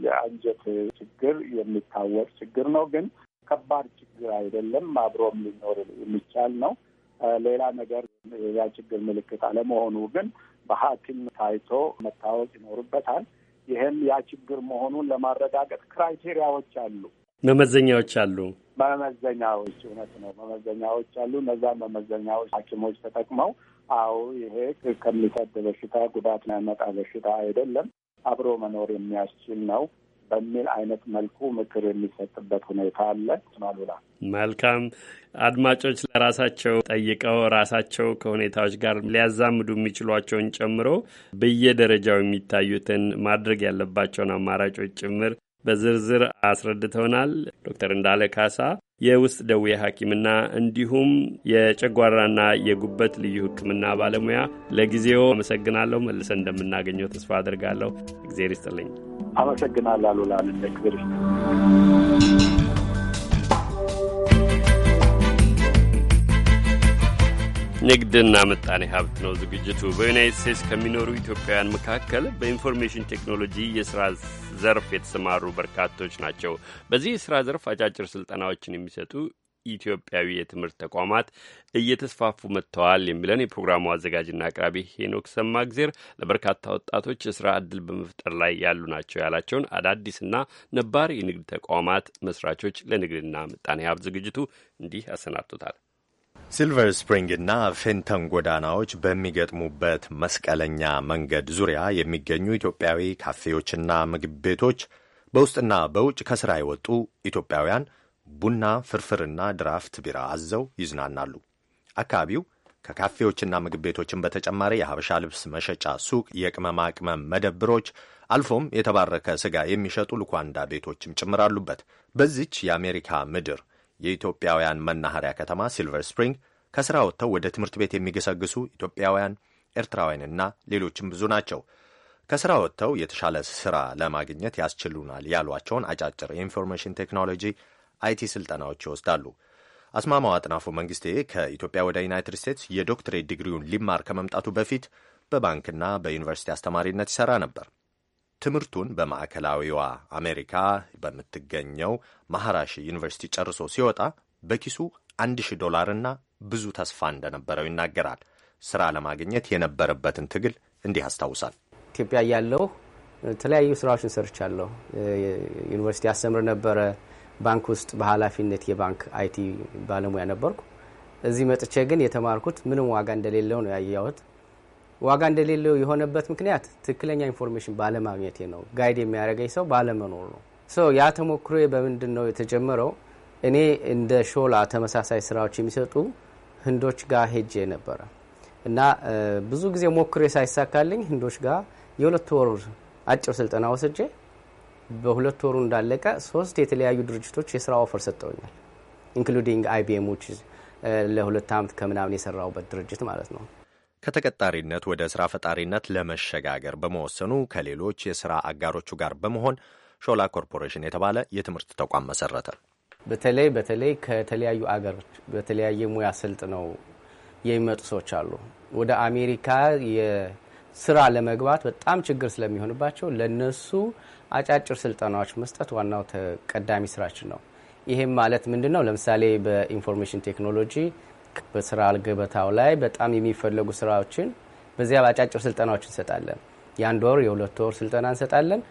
የአንጀት ችግር የሚታወቅ ችግር ነው፣ ግን ከባድ ችግር አይደለም። አብሮም ሊኖር የሚቻል ነው። ሌላ ነገር ያ ችግር ምልክት አለመሆኑ ግን በሐኪም ታይቶ መታወቅ ይኖርበታል። ይህም ያ ችግር መሆኑን ለማረጋገጥ ክራይቴሪያዎች አሉ፣ መመዘኛዎች አሉ። መመዘኛዎች እውነት ነው፣ መመዘኛዎች አሉ። እነዛ መመዘኛዎች ሐኪሞች ተጠቅመው አዎ ይሄ ከሚሰድ በሽታ ጉዳት የሚያመጣ በሽታ አይደለም፣ አብሮ መኖር የሚያስችል ነው በሚል አይነት መልኩ ምክር የሚሰጥበት ሁኔታ አለ። ማሉላ መልካም አድማጮች ለራሳቸው ጠይቀው ራሳቸው ከሁኔታዎች ጋር ሊያዛምዱ የሚችሏቸውን ጨምሮ በየደረጃው የሚታዩትን ማድረግ ያለባቸውን አማራጮች ጭምር በዝርዝር አስረድተውናል። ዶክተር እንዳለ ካሳ የውስጥ ደዌ ሐኪምና እንዲሁም የጨጓራና የጉበት ልዩ ሕክምና ባለሙያ፣ ለጊዜው አመሰግናለሁ። መልሰን እንደምናገኘው ተስፋ አድርጋለሁ። እግዜር ይስጥልኝ። አመሰግናል አሉላ ልንክብር ንግድና ምጣኔ ሀብት ነው ዝግጅቱ። በዩናይት ስቴትስ ከሚኖሩ ኢትዮጵያውያን መካከል በኢንፎርሜሽን ቴክኖሎጂ የስራ ዘርፍ የተሰማሩ በርካቶች ናቸው። በዚህ የስራ ዘርፍ አጫጭር ስልጠናዎችን የሚሰጡ ኢትዮጵያዊ የትምህርት ተቋማት እየተስፋፉ መጥተዋል የሚለን የፕሮግራሙ አዘጋጅና አቅራቢ ሄኖክ ሰማግዜር ለበርካታ ወጣቶች የስራ እድል በመፍጠር ላይ ያሉ ናቸው ያላቸውን አዳዲስና ነባር የንግድ ተቋማት መስራቾች ለንግድና ምጣኔ ሀብት ዝግጅቱ እንዲህ አሰናድቶታል። ሲልቨር ስፕሪንግና ፌንተን ጎዳናዎች በሚገጥሙበት መስቀለኛ መንገድ ዙሪያ የሚገኙ ኢትዮጵያዊ ካፌዎችና ምግብ ቤቶች በውስጥና በውጭ ከስራ የወጡ ኢትዮጵያውያን ቡና፣ ፍርፍርና ድራፍት ቢራ አዘው ይዝናናሉ። አካባቢው ከካፌዎችና ምግብ ቤቶችን በተጨማሪ የሀበሻ ልብስ መሸጫ ሱቅ፣ የቅመማ ቅመም መደብሮች አልፎም የተባረከ ስጋ የሚሸጡ ልኳንዳ ቤቶችም ጭምር አሉበት። በዚች የአሜሪካ ምድር የኢትዮጵያውያን መናኸሪያ ከተማ ሲልቨር ስፕሪንግ ከስራ ወጥተው ወደ ትምህርት ቤት የሚገሰግሱ ኢትዮጵያውያን፣ ኤርትራውያንና ሌሎችም ብዙ ናቸው። ከስራ ወጥተው የተሻለ ስራ ለማግኘት ያስችሉናል ያሏቸውን አጫጭር የኢንፎርሜሽን ቴክኖሎጂ አይቲ ስልጠናዎች ይወስዳሉ። አስማማው አጥናፉ መንግስቴ ከኢትዮጵያ ወደ ዩናይትድ ስቴትስ የዶክትሬት ዲግሪውን ሊማር ከመምጣቱ በፊት በባንክና በዩኒቨርሲቲ አስተማሪነት ይሠራ ነበር። ትምህርቱን በማዕከላዊዋ አሜሪካ በምትገኘው ማህራሽ ዩኒቨርሲቲ ጨርሶ ሲወጣ በኪሱ አንድ ሺህ ዶላርና ብዙ ተስፋ እንደነበረው ይናገራል። ስራ ለማግኘት የነበረበትን ትግል እንዲህ አስታውሳል። ኢትዮጵያ እያለሁ የተለያዩ ስራዎችን ሰርቻለሁ። ዩኒቨርሲቲ አስተምር ነበረ። ባንክ ውስጥ በኃላፊነት የባንክ አይቲ ባለሙያ ነበርኩ። እዚህ መጥቼ ግን የተማርኩት ምንም ዋጋ እንደሌለው ነው ያየሁት። ዋጋ እንደሌለው የሆነበት ምክንያት ትክክለኛ ኢንፎርሜሽን ባለማግኘቴ ነው። ጋይድ የሚያደርገኝ ሰው ባለመኖር ነው። ሶ ያ ተሞክሮ በምንድን ነው የተጀመረው? እኔ እንደ ሾላ ተመሳሳይ ስራዎች የሚሰጡ ህንዶች ጋር ሄጄ ነበረ እና ብዙ ጊዜ ሞክሬ ሳይሳካልኝ ህንዶች ጋር የሁለት ወር አጭር ስልጠና ወስጄ በሁለት ወሩ እንዳለቀ ሶስት የተለያዩ ድርጅቶች የስራ ኦፈር ሰጥተውኛል። ኢንክሉዲንግ አይቢኤሞች ለሁለት ዓመት ከምናምን የሰራውበት ድርጅት ማለት ነው። ከተቀጣሪነት ወደ ስራ ፈጣሪነት ለመሸጋገር በመወሰኑ ከሌሎች የስራ አጋሮቹ ጋር በመሆን ሾላ ኮርፖሬሽን የተባለ የትምህርት ተቋም መሰረተ። በተለይ በተለይ ከተለያዩ አገሮች በተለያየ ሙያ ስልጥ ነው የሚመጡ ሰዎች አሉ። ወደ አሜሪካ የስራ ለመግባት በጣም ችግር ስለሚሆንባቸው ለነሱ አጫጭር ስልጠናዎች መስጠት ዋናው ተቀዳሚ ስራችን ነው። ይህም ማለት ምንድን ነው? ለምሳሌ በኢንፎርሜሽን ቴክኖሎጂ በስራ ገበታው ላይ በጣም የሚፈለጉ ስራዎችን በዚያ በአጫጭር ስልጠናዎች እንሰጣለን። የአንድ ወር የሁለት ወር ስልጠና እንሰጣለን።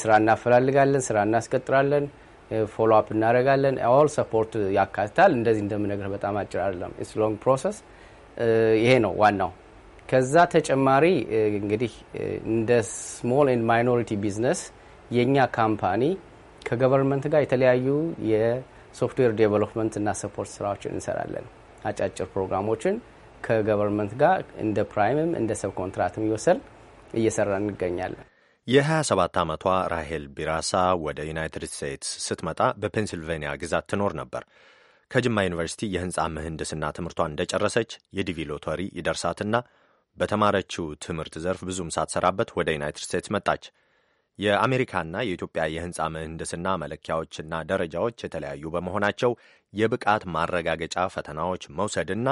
ስራ እናፈላልጋለን፣ ስራ እናስቀጥራለን፣ ፎሎ አፕ እናደርጋለን። ኦል ሰፖርት ያካትታል። እንደዚህ እንደምነግርህ በጣም አጭር አይደለም። ኢትስ ሎንግ ፕሮሰስ። ይሄ ነው ዋናው። ከዛ ተጨማሪ እንግዲህ እንደ ስሞል ኤንድ ማይኖሪቲ ቢዝነስ የእኛ ካምፓኒ ከገቨርንመንት ጋር የተለያዩ የሶፍትዌር ዴቨሎፕመንት እና ሰፖርት ስራዎችን እንሰራለን። አጫጭር ፕሮግራሞችን ከገቨርንመንት ጋር እንደ ፕራይምም እንደ ሰብ ኮንትራትም ይወሰል እየሰራ እንገኛለን። የ27 ዓመቷ ራሄል ቢራሳ ወደ ዩናይትድ ስቴትስ ስትመጣ በፔንሲልቬኒያ ግዛት ትኖር ነበር። ከጅማ ዩኒቨርሲቲ የህንፃ ምህንድስና ትምህርቷን እንደጨረሰች የዲቪ ሎተሪ ይደርሳትና በተማረችው ትምህርት ዘርፍ ብዙም ሳትሰራበት ወደ ዩናይትድ ስቴትስ መጣች። የአሜሪካና የኢትዮጵያ የህንፃ ምህንድስና መለኪያዎችና ደረጃዎች የተለያዩ በመሆናቸው የብቃት ማረጋገጫ ፈተናዎች መውሰድና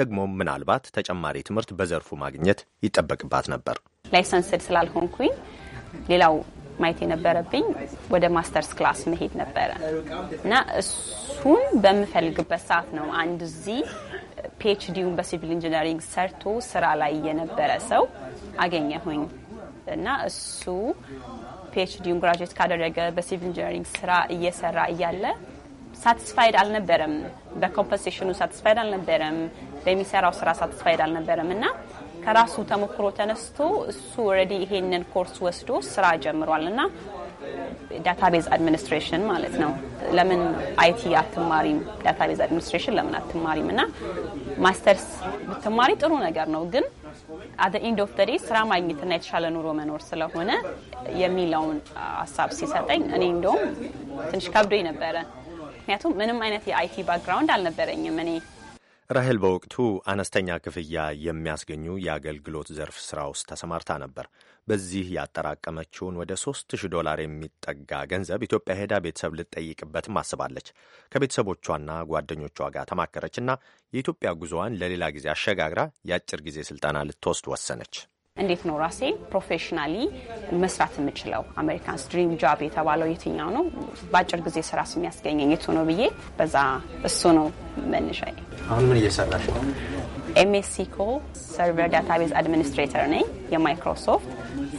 ደግሞ ምናልባት ተጨማሪ ትምህርት በዘርፉ ማግኘት ይጠበቅባት ነበር። ላይሰንስድ ስላልሆንኩኝ ሌላው ማየት የነበረብኝ ወደ ማስተርስ ክላስ መሄድ ነበረ እና እሱን በምፈልግበት ሰዓት ነው አንድ እዚህ ፒኤችዲውን በሲቪል ኢንጂነሪንግ ሰርቶ ስራ ላይ የነበረ ሰው አገኘሁኝ። እና እሱ ፒኤችዲውን ግራጁዌት ካደረገ በሲቪል ኢንጂነሪንግ ስራ እየሰራ እያለ ሳቲስፋይድ አልነበረም። በኮምፐንሴሽኑ ሳቲስፋይድ አልነበረም። በሚሰራው ስራ ሳቲስፋይድ አልነበረም እና ከራሱ ተሞክሮ ተነስቶ እሱ ኦልሬዲ ይሄንን ኮርስ ወስዶ ስራ ጀምሯል እና ዳታቤዝ አድሚኒስትሬሽን ማለት ነው። ለምን አይቲ አትማሪም? ዳታቤዝ አድሚኒስትሬሽን ለምን አትማሪም? እና ማስተርስ ብትማሪ ጥሩ ነገር ነው ግን አደ ኢንድ ኦፍ ደዴ ስራ ማግኘትና የተሻለ ኑሮ መኖር ስለሆነ የሚለውን ሀሳብ ሲሰጠኝ እኔ እንደውም ትንሽ ከብዶኝ ነበረ። ምክንያቱም ምንም አይነት የአይቲ ባክግራውንድ አልነበረኝም እኔ ራሄል በወቅቱ አነስተኛ ክፍያ የሚያስገኙ የአገልግሎት ዘርፍ ስራ ውስጥ ተሰማርታ ነበር። በዚህ ያጠራቀመችውን ወደ 3000 ዶላር የሚጠጋ ገንዘብ ኢትዮጵያ ሄዳ ቤተሰብ ልትጠይቅበትም አስባለች። ከቤተሰቦቿና ጓደኞቿ ጋር ተማከረችና የኢትዮጵያ ጉዞዋን ለሌላ ጊዜ አሸጋግራ የአጭር ጊዜ ስልጠና ልትወስድ ወሰነች። እንዴት ነው ራሴ ፕሮፌሽናሊ መስራት የምችለው? አሜሪካንስ ድሪም ጃብ የተባለው የትኛው ነው? በአጭር ጊዜ ስራ ስሚያስገኘኝ የቱ ነው ብዬ በዛ እሱ ነው መነሻ። አሁን ምን እየሰራሽ ነው? ኤምኤስሲኮ ሰርቨር ዳታቤዝ አድሚኒስትሬተር ነኝ። የማይክሮሶፍት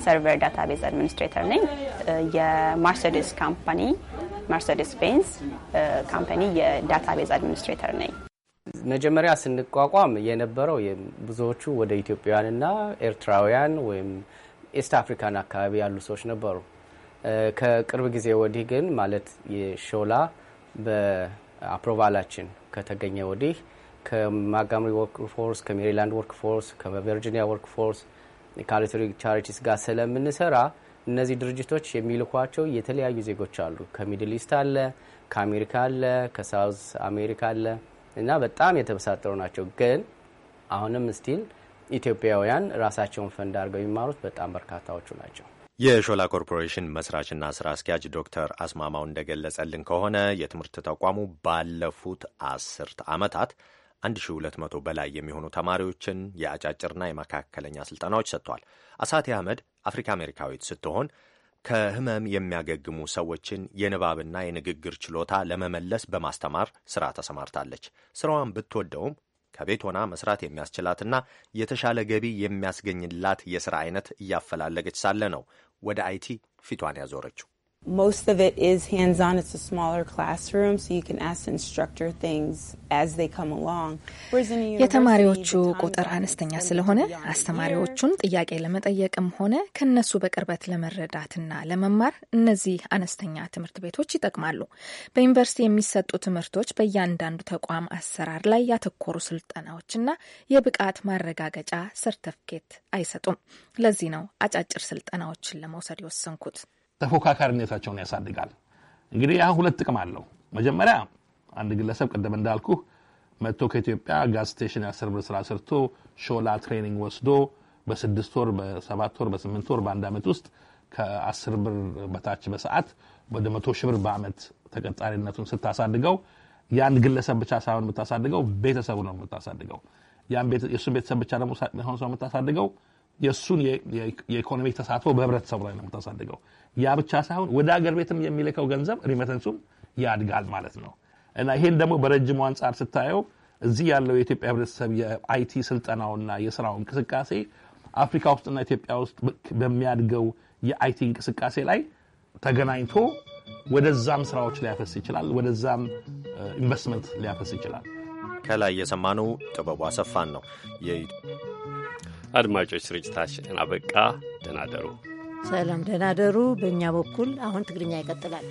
ሰርቨር ዳታቤዝ አድሚኒስትሬተር ነኝ። የማርሴዲስ ካምፓኒ ማርሴዲስ ቤንስ ካምፓኒ የዳታቤዝ አድሚኒስትሬተር ነኝ። መጀመሪያ ስንቋቋም የነበረው ብዙዎቹ ወደ ኢትዮጵያውያንና ኤርትራውያን ወይም ኤስት አፍሪካን አካባቢ ያሉ ሰዎች ነበሩ። ከቅርብ ጊዜ ወዲህ ግን ማለት የሾላ በአፕሮቫላችን ከተገኘ ወዲህ ከማጋምሪ ወርክ ፎርስ፣ ከሜሪላንድ ወርክ ፎርስ፣ ከቨርጂኒያ ወርክ ፎርስ፣ ከአሪቶሪ ቻሪቲስ ጋር ስለምንሰራ እነዚህ ድርጅቶች የሚልኳቸው የተለያዩ ዜጎች አሉ። ከሚድል ኢስት አለ፣ ከአሜሪካ አለ፣ ከሳውዝ አሜሪካ አለ እና በጣም የተበሳጠሩ ናቸው። ግን አሁንም ስቲል ኢትዮጵያውያን ራሳቸውን ፈንድ አድርገው የሚማሩት በጣም በርካታዎቹ ናቸው። የሾላ ኮርፖሬሽን መስራችና ስራ አስኪያጅ ዶክተር አስማማው እንደገለጸልን ከሆነ የትምህርት ተቋሙ ባለፉት አስርት ዓመታት 1200 በላይ የሚሆኑ ተማሪዎችን የአጫጭርና የመካከለኛ ስልጠናዎች ሰጥቷል። አሳቴ አህመድ አፍሪካ አሜሪካዊት ስትሆን ከህመም የሚያገግሙ ሰዎችን የንባብና የንግግር ችሎታ ለመመለስ በማስተማር ስራ ተሰማርታለች። ስራዋን ብትወደውም ከቤት ሆና መስራት የሚያስችላትና የተሻለ ገቢ የሚያስገኝላት የሥራ አይነት እያፈላለገች ሳለ ነው ወደ አይቲ ፊቷን ያዞረችው። Most of it is hands on. It's a smaller classroom, so you can ask the instructor things as they come along. የተማሪዎቹ ቁጥር አነስተኛ ስለሆነ አስተማሪዎቹን ጥያቄ ለመጠየቅም ሆነ ከነሱ በቅርበት ለመረዳትና ለመማር እነዚህ አነስተኛ ትምህርት ቤቶች ይጠቅማሉ። በዩኒቨርሲቲ የሚሰጡ ትምህርቶች በእያንዳንዱ ተቋም አሰራር ላይ ያተኮሩ ስልጠናዎችና የብቃት ማረጋገጫ ሰርተፍኬት አይሰጡም። ለዚህ ነው አጫጭር ስልጠናዎችን ለመውሰድ የወሰንኩት። ተፎካካሪነታቸውን ያሳድጋል። እንግዲህ አሁን ሁለት ጥቅም አለው። መጀመሪያ አንድ ግለሰብ ቅድም እንዳልኩህ መጥቶ ከኢትዮጵያ ጋዝ ስቴሽን የአስር ብር ስራ ሰርቶ ሾላ ትሬኒንግ ወስዶ በስድስት ወር፣ በሰባት ወር፣ በስምንት ወር፣ በአንድ ዓመት ውስጥ ከአስር ብር በታች በሰዓት ወደ መቶ ሺህ ብር በዓመት ተቀጣሪነቱን ስታሳድገው የአንድ ግለሰብ ብቻ ሳይሆን የምታሳድገው ቤተሰቡ ነው የምታሳድገው። የእሱን ቤተሰብ ብቻ ደግሞ ሆን ሰው የምታሳድገው የእሱን የኢኮኖሚ ተሳትፎ በህብረተሰቡ ላይ ነው የምታሳድገው። ያ ብቻ ሳይሆን ወደ አገር ቤትም የሚልከው ገንዘብ ሪመተንሱም ያድጋል ማለት ነው እና ይሄን ደግሞ በረጅሙ አንጻር ስታየው እዚህ ያለው የኢትዮጵያ ህብረተሰብ የአይቲ ስልጠናውና የስራው እንቅስቃሴ አፍሪካ ውስጥና ኢትዮጵያ ውስጥ በሚያድገው የአይቲ እንቅስቃሴ ላይ ተገናኝቶ ወደዛም ስራዎች ሊያፈስ ይችላል፣ ወደዛም ኢንቨስትመንት ሊያፈስ ይችላል። ከላይ የሰማነው ጥበቡ አሰፋን ነው። አድማጮች ስርጭታችን አበቃ። ደናደሩ ሰላም፣ ደናደሩ። በእኛ በኩል አሁን ትግርኛ ይቀጥላል።